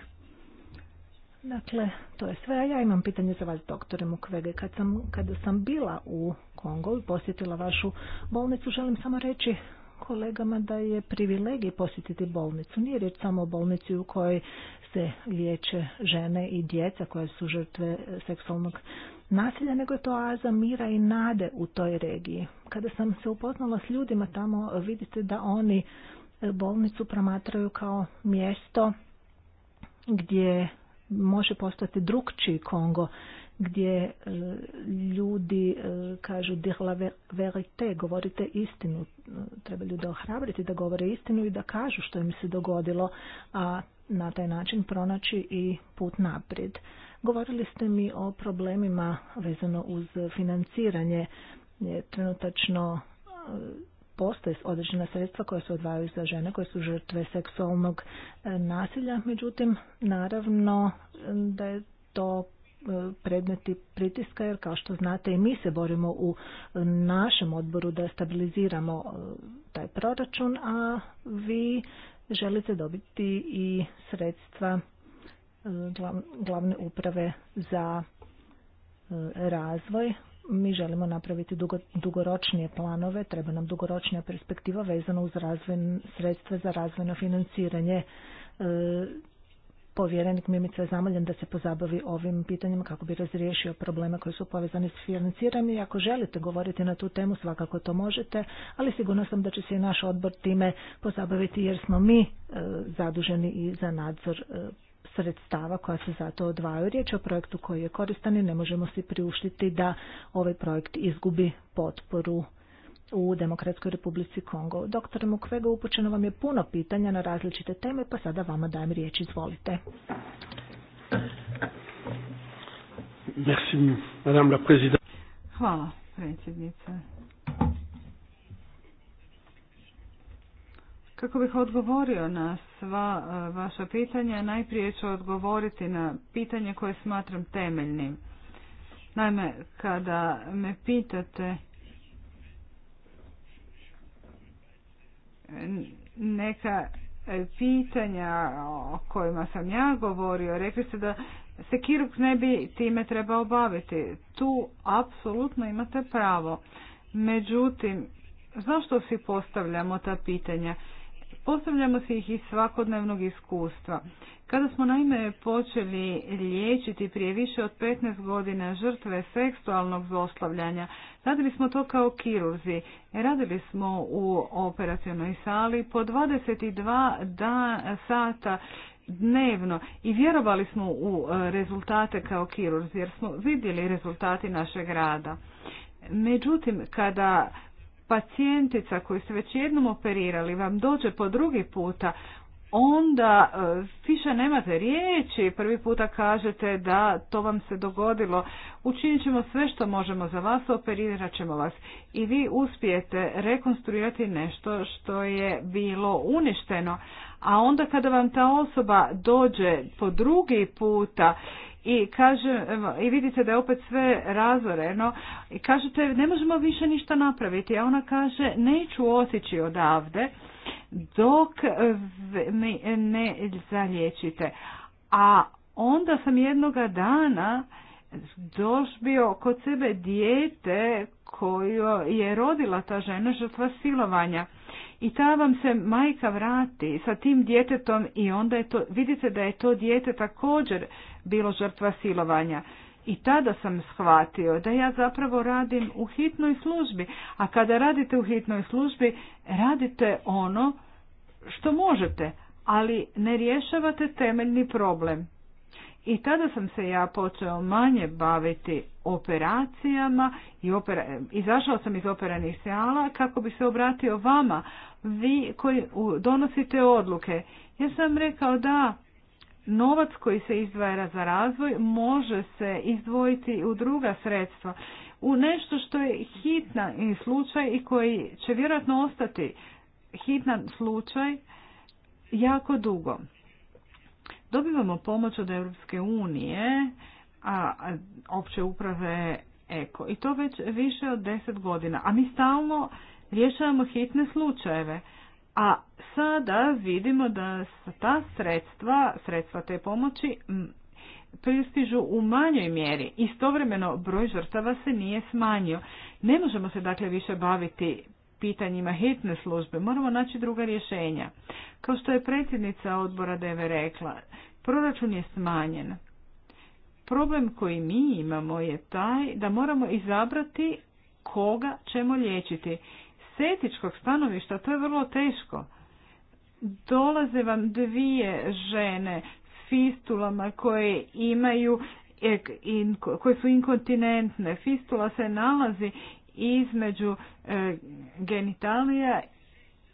Dakle, to je sve. A ja imam pitanje za vas, doktore Mukwege. Kad sam, kada sam bila u Kongo i posjetila vašu bolnicu, želim samo reći kolegama da je privilegij posjetiti bolnicu. Nije riječ samo o bolnici u kojoj se liječe žene i djeca koje su žrtve seksualnog nasilja, nego je to aza mira i nade u toj regiji. Kada sam se upoznala s ljudima tamo, vidite da oni bolnicu promatraju kao mjesto gdje može postati drugčiji Kongo gdje e, ljudi e, kažu dihla verite, govorite istinu. Treba ljude ohrabriti da govore istinu i da kažu što im se dogodilo, a na taj način pronaći i put naprijed. Govorili ste mi o problemima vezano uz financiranje. Trenutačno e, postoje određena sredstva koja se odvajaju za žene koje su žrtve seksualnog nasilja, međutim naravno da je to predmeti pritiska jer kao što znate i mi se borimo u našem odboru da stabiliziramo e, taj proračun, a vi želite dobiti i sredstva e, glavne uprave za e, razvoj. Mi želimo napraviti dugoročnije planove, treba nam dugoročnija perspektiva vezana uz razvoj, sredstva za razvojno financiranje povjerenik Mimica je zamoljen da se pozabavi ovim pitanjima kako bi razriješio probleme koji su povezani s financiranjem i ako želite govoriti na tu temu svakako to možete, ali sigurno sam da će se i naš odbor time pozabaviti jer smo mi e, zaduženi i za nadzor e, sredstava koja se zato odvaju. Riječ je o projektu koji je koristan i ne možemo si priuštiti da ovaj projekt izgubi potporu u Demokratskoj republici Kongo. Doktor Mukwege, upućeno vam je puno pitanja na različite teme, pa sada vama dajem riječ, izvolite. Hvala, predsjednice. Kako bih odgovorio na sva eh, vaša pitanja, najprije ću odgovoriti na pitanje koje smatram temeljnim. Naime, kada me pitate neka e, pitanja o kojima sam ja govorio, rekli ste da se kirurg ne bi time trebao baviti. Tu apsolutno imate pravo. Međutim, zašto si postavljamo ta pitanja? Postavljamo se ih iz svakodnevnog iskustva. Kada smo naime počeli liječiti prije više od 15 godina žrtve seksualnog zlostavljanja, radili smo to kao kirurzi. Radili smo u operacionoj sali po 22 dana sata dnevno i vjerovali smo u e, rezultate kao kirurzi jer smo vidjeli rezultati našeg rada. Međutim, kada pacijentica koju ste već jednom operirali vam dođe po drugi puta, onda e, više nemate riječi. Prvi puta kažete da to vam se dogodilo. Učinit ćemo sve što možemo za vas, operirat ćemo vas. I vi uspijete rekonstruirati nešto što je bilo uništeno. A onda kada vam ta osoba dođe po drugi puta i kaže, i vidite da je opet sve razoreno i kažete ne možemo više ništa napraviti, a ona kaže neću otići odavde dok me ne zalječite. A onda sam jednoga dana došbio kod sebe dijete koju je rodila ta žena žrtva silovanja i ta vam se majka vrati sa tim djetetom i onda je to, vidite da je to dijete također bilo žrtva silovanja. I tada sam shvatio da ja zapravo radim u hitnoj službi, a kada radite u hitnoj službi, radite ono što možete, ali ne rješavate temeljni problem. I tada sam se ja počeo manje baviti operacijama i izašao sam iz operanih seala kako bi se obratio vama, vi koji donosite odluke. Ja sam rekao da novac koji se izdvaja za razvoj može se izdvojiti u druga sredstva, u nešto što je hitna slučaj i koji će vjerojatno ostati hitan slučaj jako dugo. Dobivamo pomoć od Europske unije, a opće uprave Eko. I to već više od deset godina. A mi stalno rješavamo hitne slučajeve. A sada vidimo da ta sredstva, sredstva te pomoći, pristižu u manjoj mjeri. Istovremeno broj žrtava se nije smanjio. Ne možemo se dakle više baviti pitanjima hitne službe. Moramo naći druga rješenja. Kao što je predsjednica odbora DV rekla, proračun je smanjen. Problem koji mi imamo je taj da moramo izabrati koga ćemo liječiti. S etičkog stanovišta to je vrlo teško. Dolaze vam dvije žene s fistulama koje imaju e, koje su inkontinentne. Fistula se nalazi između e, genitalija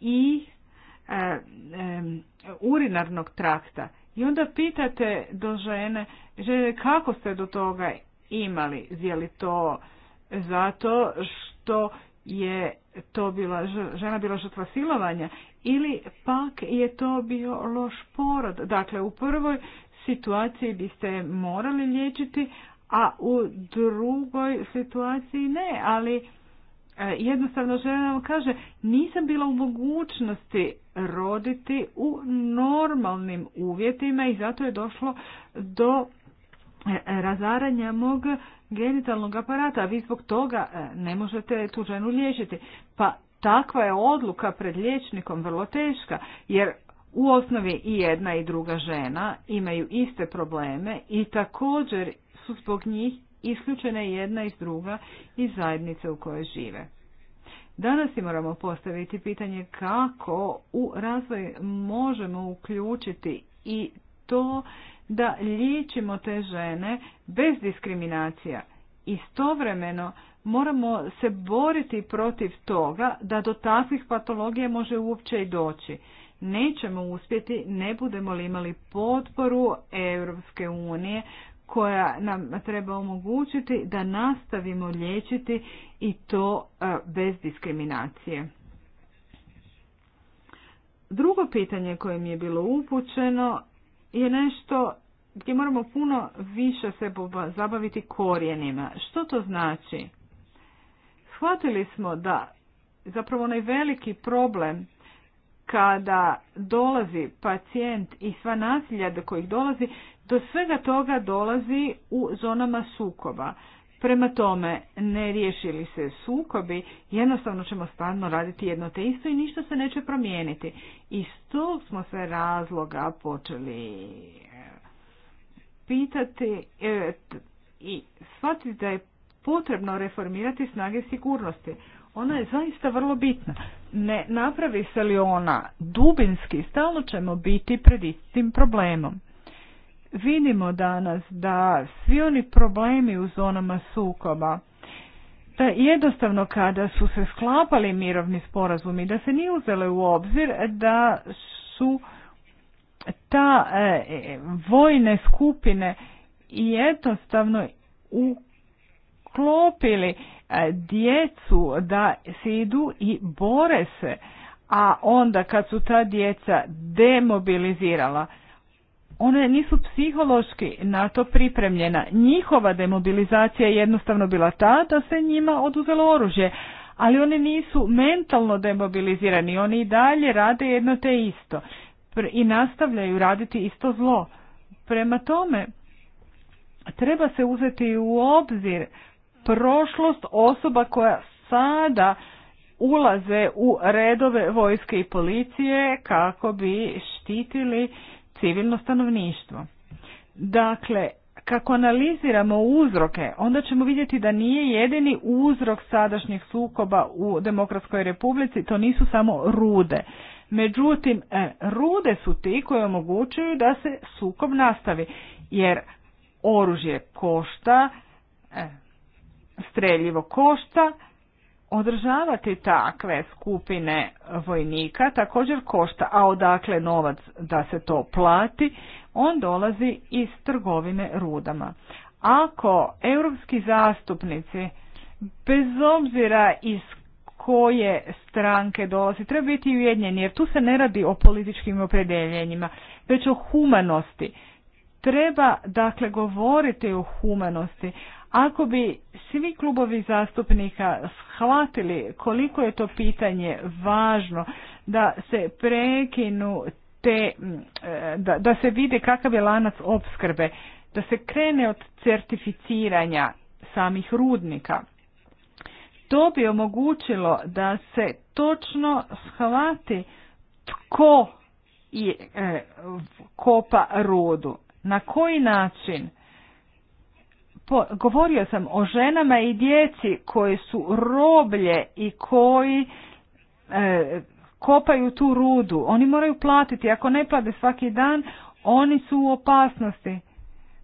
i e, urinarnog trakta. I onda pitate do žene, žene kako ste do toga imali, je li to zato što je to bila, žena bila žrtva silovanja ili pak je to bio loš porod. Dakle, u prvoj situaciji biste morali liječiti, a u drugoj situaciji ne, ali e, jednostavno žena vam kaže nisam bila u mogućnosti roditi u normalnim uvjetima i zato je došlo do e, razaranja mog genitalnog aparata, a vi zbog toga e, ne možete tu ženu liječiti. Pa takva je odluka pred liječnikom vrlo teška, jer u osnovi i jedna i druga žena imaju iste probleme i također su zbog njih isključene jedna iz druga i zajednice u kojoj žive. Danas si moramo postaviti pitanje kako u razvoj možemo uključiti i to da liječimo te žene bez diskriminacija. Istovremeno moramo se boriti protiv toga da do takvih patologija može uopće i doći. Nećemo uspjeti, ne budemo li imali potporu Europske unije koja nam treba omogućiti da nastavimo liječiti i to e, bez diskriminacije. Drugo pitanje koje mi je bilo upućeno je nešto gdje moramo puno više se zabaviti korijenima. Što to znači? Shvatili smo da zapravo onaj veliki problem kada dolazi pacijent i sva nasilja do kojih dolazi do svega toga dolazi u zonama sukoba. Prema tome, ne riješili se sukobi, jednostavno ćemo stalno raditi jedno te isto i ništa se neće promijeniti. Iz tog smo se razloga počeli e, pitati e, i shvatiti da je potrebno reformirati snage sigurnosti. Ona je zaista vrlo bitna. Ne napravi se li ona dubinski, stalno ćemo biti pred istim problemom vidimo danas da svi oni problemi u zonama sukoba, da jednostavno kada su se sklapali mirovni sporazumi, da se nije uzele u obzir da su ta e, vojne skupine jednostavno uklopili e, djecu da se idu i bore se, a onda kad su ta djeca demobilizirala, one nisu psihološki na to pripremljena. Njihova demobilizacija je jednostavno bila ta da se njima oduzelo oružje, ali oni nisu mentalno demobilizirani, oni i dalje rade jedno te isto i nastavljaju raditi isto zlo. Prema tome, treba se uzeti u obzir prošlost osoba koja sada ulaze u redove vojske i policije kako bi štitili civilno stanovništvo. Dakle, kako analiziramo uzroke, onda ćemo vidjeti da nije jedini uzrok sadašnjih sukoba u Demokratskoj republici, to nisu samo rude. Međutim, e, rude su ti koje omogućuju da se sukob nastavi, jer oružje košta, e, streljivo košta, održavati takve skupine vojnika također košta, a odakle novac da se to plati, on dolazi iz trgovine rudama. Ako europski zastupnici, bez obzira iz koje stranke dolazi, treba biti ujednjeni, jer tu se ne radi o političkim opredeljenjima, već o humanosti. Treba, dakle, govoriti o humanosti, ako bi svi klubovi zastupnika shvatili koliko je to pitanje važno da se prekinu te, e, da, da se vide kakav je lanac opskrbe, da se krene od certificiranja samih rudnika. To bi omogućilo da se točno shvati tko i e, kopa rudu, na koji način govorio sam o ženama i djeci koji su roblje i koji e, kopaju tu rudu. Oni moraju platiti. Ako ne plate svaki dan, oni su u opasnosti.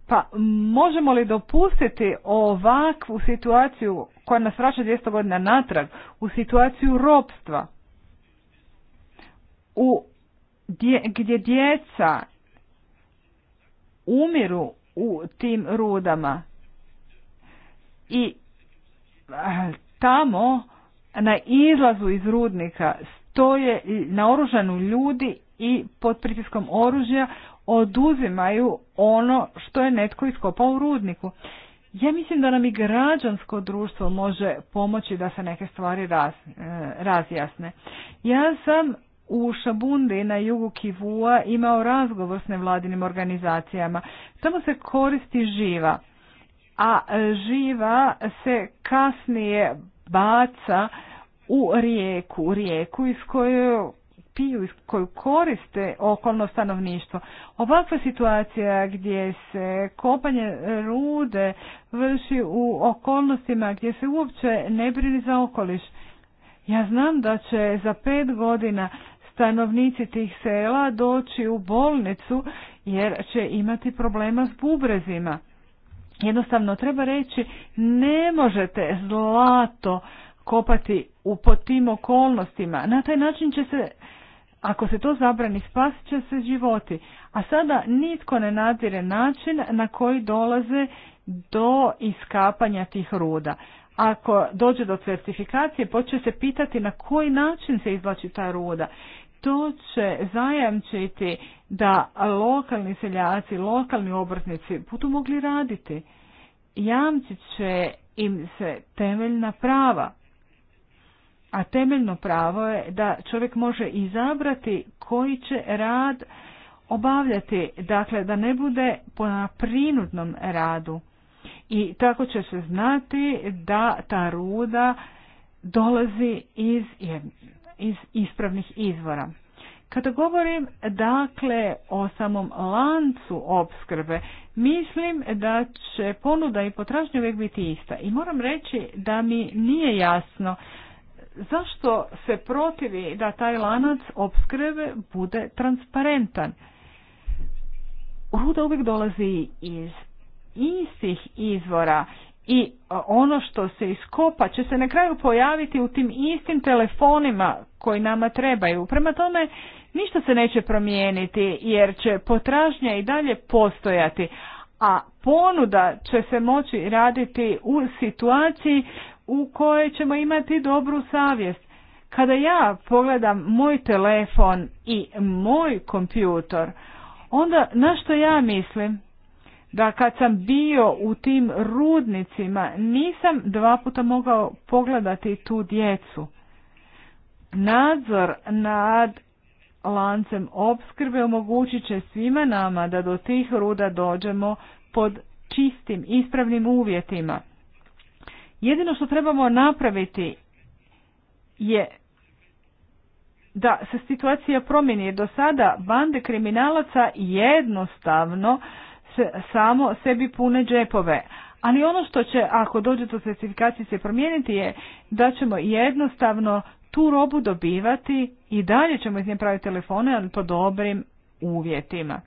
Pa možemo li dopustiti ovakvu situaciju koja nas vraća 200 godina natrag u situaciju robstva u, gdje djeca umiru u tim rudama? i eh, tamo na izlazu iz rudnika stoje naoružanu ljudi i pod pritiskom oružja oduzimaju ono što je netko iskopao u rudniku. Ja mislim da nam i građansko društvo može pomoći da se neke stvari eh, razjasne. Ja sam u Šabundi na jugu Kivua imao razgovor s nevladinim organizacijama. Tamo se koristi živa a e, živa se kasnije baca u rijeku, u rijeku iz koju piju, iz koju koriste okolno stanovništvo. Ovakva situacija gdje se kopanje rude vrši u okolnostima gdje se uopće ne brini za okoliš. Ja znam da će za pet godina stanovnici tih sela doći u bolnicu jer će imati problema s bubrezima. Jednostavno treba reći ne možete zlato kopati u pod tim okolnostima. Na taj način će se, ako se to zabrani, spasit će se životi. A sada nitko ne nadire način na koji dolaze do iskapanja tih ruda. Ako dođe do certifikacije, počne se pitati na koji način se izvlači ta ruda. To će zajamčiti da lokalni seljaci, lokalni obrtnici budu mogli raditi. Jamčit će im se temeljna prava. A temeljno pravo je da čovjek može izabrati koji će rad obavljati, dakle da ne bude na prinudnom radu. I tako će se znati da ta ruda dolazi iz iz ispravnih izvora. Kada govorim dakle o samom lancu opskrbe, mislim da će ponuda i potražnja uvijek biti ista. I moram reći da mi nije jasno zašto se protivi da taj lanac opskrbe bude transparentan. Ruda uvijek dolazi iz istih izvora i ono što se iskopa će se na kraju pojaviti u tim istim telefonima koji nama trebaju. Prema tome, ništa se neće promijeniti jer će potražnja i dalje postojati, a ponuda će se moći raditi u situaciji u kojoj ćemo imati dobru savjest. Kada ja pogledam moj telefon i moj kompjutor, onda na što ja mislim? da kad sam bio u tim rudnicima nisam dva puta mogao pogledati tu djecu. Nadzor nad lancem obskrbe omogućit će svima nama da do tih ruda dođemo pod čistim, ispravnim uvjetima. Jedino što trebamo napraviti je da se situacija promijeni. Do sada bande kriminalaca jednostavno samo sebi pune džepove. Ali ono što će, ako dođe do specifikacije, se promijeniti je da ćemo jednostavno tu robu dobivati i dalje ćemo iz nje praviti telefone, ali po dobrim uvjetima.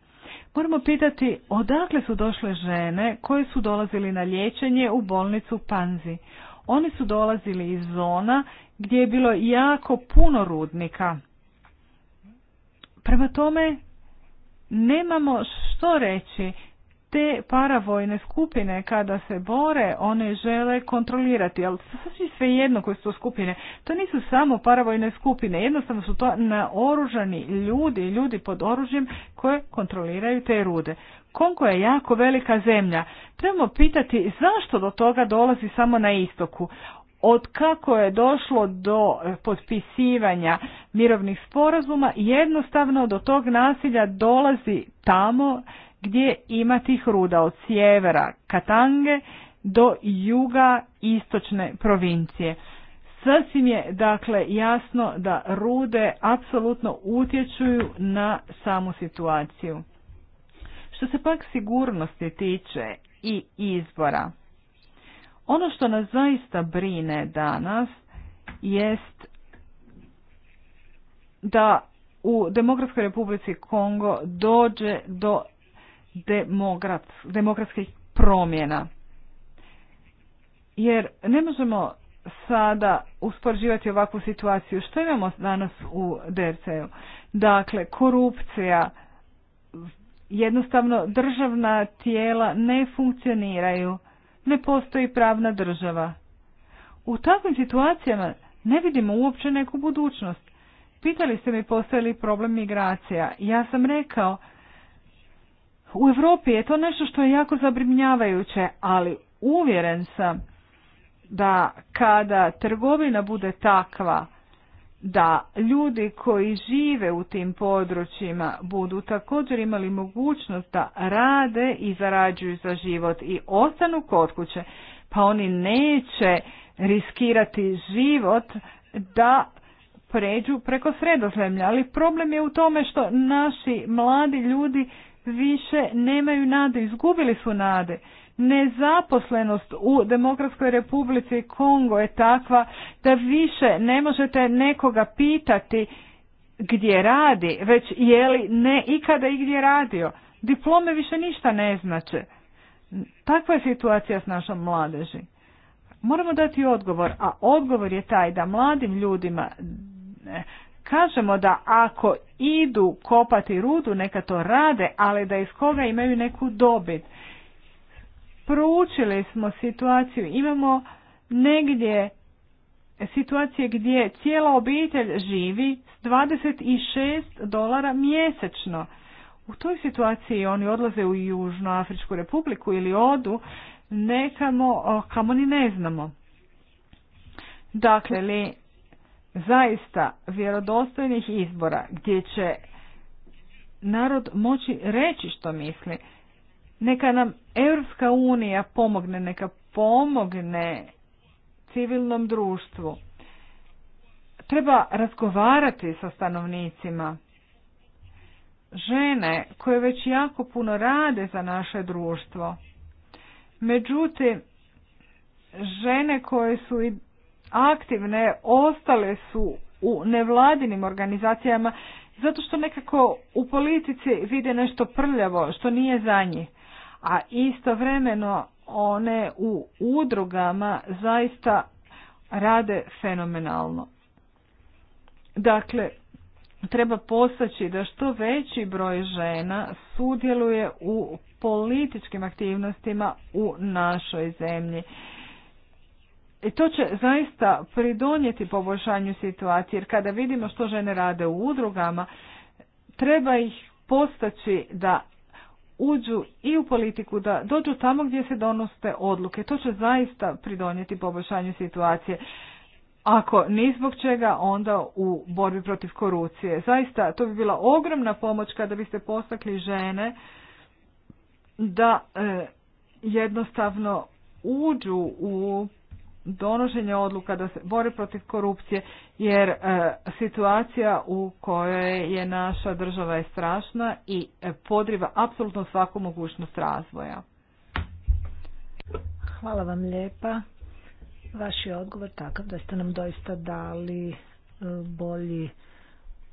Moramo pitati odakle su došle žene koje su dolazili na liječenje u bolnicu Panzi. Oni su dolazili iz zona gdje je bilo jako puno rudnika. Prema tome, nemamo što reći te paravojne skupine kada se bore, one žele kontrolirati, ali sasvim sve jedno koje su to skupine. To nisu samo paravojne skupine, jednostavno su to naoružani ljudi, ljudi pod oružjem koje kontroliraju te rude. Kongo je jako velika zemlja. Trebamo pitati zašto do toga dolazi samo na istoku. Od kako je došlo do e, potpisivanja mirovnih sporazuma, jednostavno do tog nasilja dolazi tamo gdje ima tih ruda od sjevera Katange do juga istočne provincije. Sasvim je dakle jasno da rude apsolutno utječuju na samu situaciju. Što se pak sigurnosti tiče i izbora, ono što nas zaista brine danas jest da u Demokratskoj republici Kongo dođe do demokratskih promjena. Jer ne možemo sada uspoređivati ovakvu situaciju. Što imamo danas u DRC-u? Dakle, korupcija, jednostavno državna tijela ne funkcioniraju, ne postoji pravna država. U takvim situacijama ne vidimo uopće neku budućnost. Pitali ste mi postoji li problem migracija. Ja sam rekao u Europi je to nešto što je jako zabrinjavajuće, ali uvjeren sam da kada trgovina bude takva da ljudi koji žive u tim područjima budu također imali mogućnost da rade i zarađuju za život i ostanu kod kuće, pa oni neće riskirati život da pređu preko sredozemlja. Ali problem je u tome što naši mladi ljudi više nemaju nade, izgubili su nade. Nezaposlenost u Demokratskoj republici Kongo je takva da više ne možete nekoga pitati gdje radi, već je li ne ikada i gdje radio. Diplome više ništa ne znače. Takva je situacija s našom mladeži. Moramo dati odgovor, a odgovor je taj da mladim ljudima eh, kažemo da ako idu kopati rudu, neka to rade, ali da iz koga imaju neku dobit. Proučili smo situaciju, imamo negdje situacije gdje cijela obitelj živi s 26 dolara mjesečno. U toj situaciji oni odlaze u Južnoafričku republiku ili odu nekamo kamo ni ne znamo. Dakle, li zaista vjerodostojnih izbora gdje će narod moći reći što misli. Neka nam Europska unija pomogne, neka pomogne civilnom društvu. Treba razgovarati sa stanovnicima. Žene koje već jako puno rade za naše društvo. Međutim, žene koje su i aktivne, ostale su u nevladinim organizacijama zato što nekako u politici vide nešto prljavo što nije za njih. A istovremeno one u udrugama zaista rade fenomenalno. Dakle, treba postaći da što veći broj žena sudjeluje u političkim aktivnostima u našoj zemlji. I to će zaista pridonijeti poboljšanju situacije, jer kada vidimo što žene rade u udrugama, treba ih postaći da uđu i u politiku, da dođu tamo gdje se donose odluke. To će zaista pridonijeti poboljšanju situacije. Ako ni zbog čega, onda u borbi protiv korupcije. Zaista, to bi bila ogromna pomoć kada biste postakli žene da e, jednostavno uđu u donošenje odluka da se bori protiv korupcije jer e, situacija u kojoj je naša država je strašna i e, podriva apsolutno svaku mogućnost razvoja. Hvala vam lijepa. Vaš je odgovor takav da ste nam doista dali e, bolji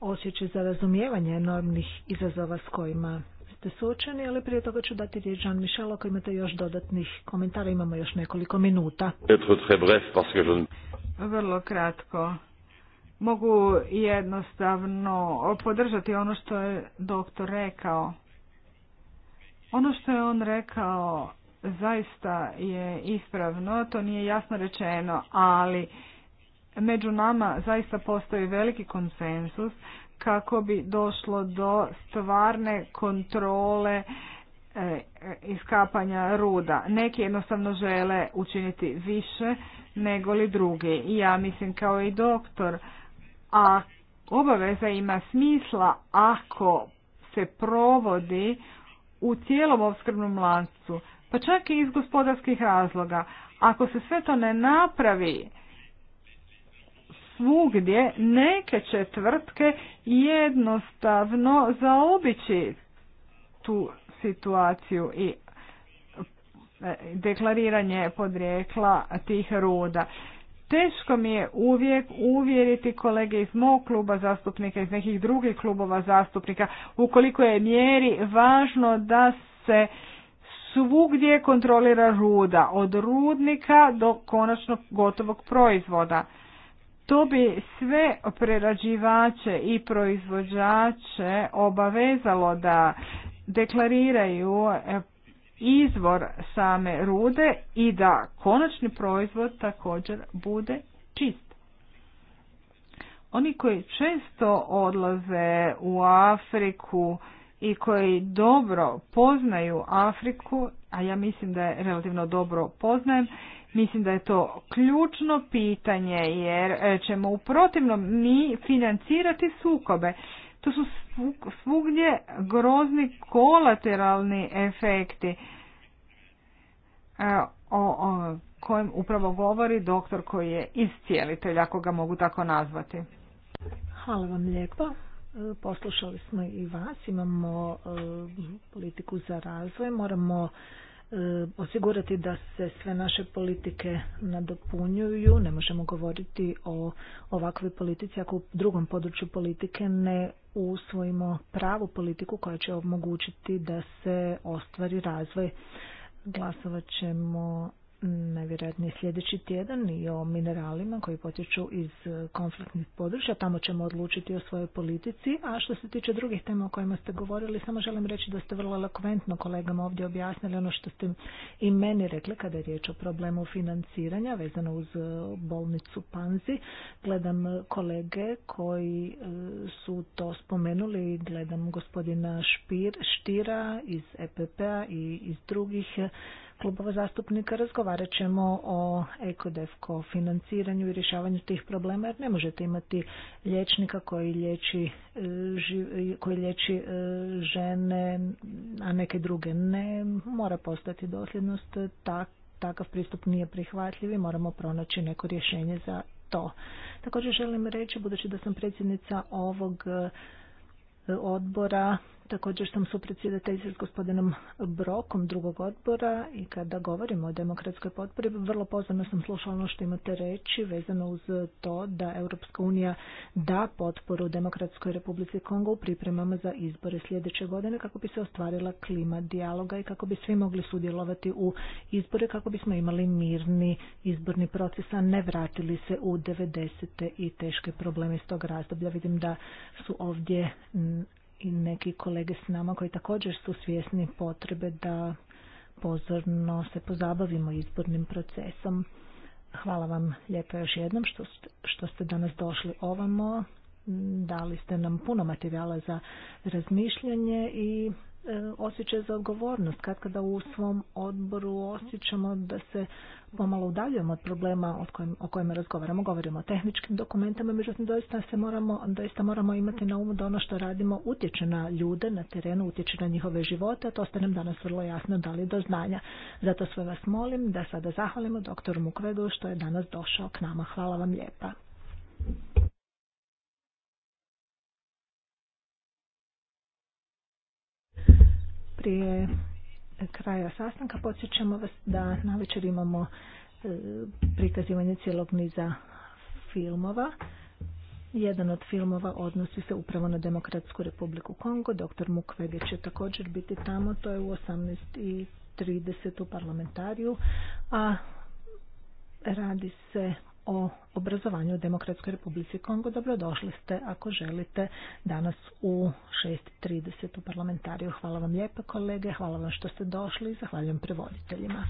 osjećaj za razumijevanje enormnih izazova s kojima ste suočeni, ali prije toga ću dati riječ Jean Michel ako imate još dodatnih komentara, imamo još nekoliko minuta. Vrlo kratko. Mogu jednostavno podržati ono što je doktor rekao. Ono što je on rekao zaista je ispravno, to nije jasno rečeno, ali među nama zaista postoji veliki konsensus kako bi došlo do stvarne kontrole e, iskapanja ruda. Neki jednostavno žele učiniti više nego li drugi. I ja mislim kao i doktor, a obaveza ima smisla ako se provodi u cijelom opskrbnom lancu, pa čak i iz gospodarskih razloga. Ako se sve to ne napravi, svugdje neke će tvrtke jednostavno zaobići tu situaciju i e, deklariranje podrijekla tih ruda. Teško mi je uvijek uvjeriti kolege iz mog kluba zastupnika, iz nekih drugih klubova zastupnika, ukoliko je mjeri važno da se svugdje kontrolira ruda, od rudnika do konačnog gotovog proizvoda. To bi sve prerađivače i proizvođače obavezalo da deklariraju e, izvor same rude i da konačni proizvod također bude čist. Oni koji često odlaze u Afriku i koji dobro poznaju Afriku, a ja mislim da je relativno dobro poznajem, Mislim da je to ključno pitanje jer e, ćemo u protivnom mi financirati sukobe. To su svugdje grozni kolateralni efekti e, o, kojem upravo govori doktor koji je iscijelitelj, ako ga mogu tako nazvati. Hvala vam lijepo. E, poslušali smo i vas, imamo politiku za razvoj, moramo E, osigurati da se sve naše politike nadopunjuju. Ne možemo govoriti o ovakvoj politici ako u drugom području politike ne usvojimo pravu politiku koja će omogućiti da se ostvari razvoj. Glasovat ćemo najvjerojatnije sljedeći tjedan i o mineralima koji potječu iz e, konfliktnih područja. Tamo ćemo odlučiti o svojoj politici. A što se tiče drugih tema o kojima ste govorili, samo želim reći da ste vrlo elokventno kolegama ovdje objasnili ono što ste i meni rekli kada je riječ o problemu financiranja vezano uz e, bolnicu Panzi. Gledam kolege koji e, su to spomenuli, gledam gospodina Špir, Štira iz EPP-a i iz drugih klubova zastupnika razgovarat ćemo o ekodefko financiranju i rješavanju tih problema jer ne možete imati liječnika koji liječi, e, koji liječi e, žene, a neke druge ne. Mora postati dosljednost, tak, takav pristup nije prihvatljiv i moramo pronaći neko rješenje za to. Također želim reći, budući da sam predsjednica ovog e, odbora Također sam supredsjedatelj s gospodinom Brokom drugog odbora i kada govorimo o demokratskoj potpori, vrlo pozorno sam slušala ono što imate reći vezano uz to da Europska unija da potporu Demokratskoj Republici Kongo u pripremama za izbore sljedeće godine kako bi se ostvarila klima dijaloga i kako bi svi mogli sudjelovati u izbore kako bismo imali mirni izborni proces, a ne vratili se u 90. i teške probleme iz tog razdoblja. Vidim da su ovdje i neki kolege s nama koji također su svjesni potrebe da pozorno se pozabavimo izbornim procesom. Hvala vam lijepo još jednom što, što ste danas došli ovamo. Dali ste nam puno materijala za razmišljanje i E, osjećaj za odgovornost, kad kada u svom odboru osjećamo da se pomalo udaljujemo od problema o kojima razgovaramo. Govorimo o tehničkim dokumentama, međutim doista se moramo, doista moramo imati na umu da ono što radimo utječe na ljude na terenu, utječe na njihove živote, a to ste nam danas vrlo jasno dali do znanja. Zato sve vas molim da sada zahvalimo doktoru Mukvedu što je danas došao k nama. Hvala vam lijepa. Prije kraja sastanka podsjećamo vas da na večer imamo e, prikazivanje cijelog niza filmova. Jedan od filmova odnosi se upravo na Demokratsku republiku Kongo. Dr. Mukwege će također biti tamo, to je u 18.30 u parlamentariju, a radi se o obrazovanju u Demokratskoj republici Kongo. Dobrodošli ste ako želite danas u 6.30 u parlamentariju. Hvala vam lijepa kolege, hvala vam što ste došli i zahvaljujem prevoditeljima.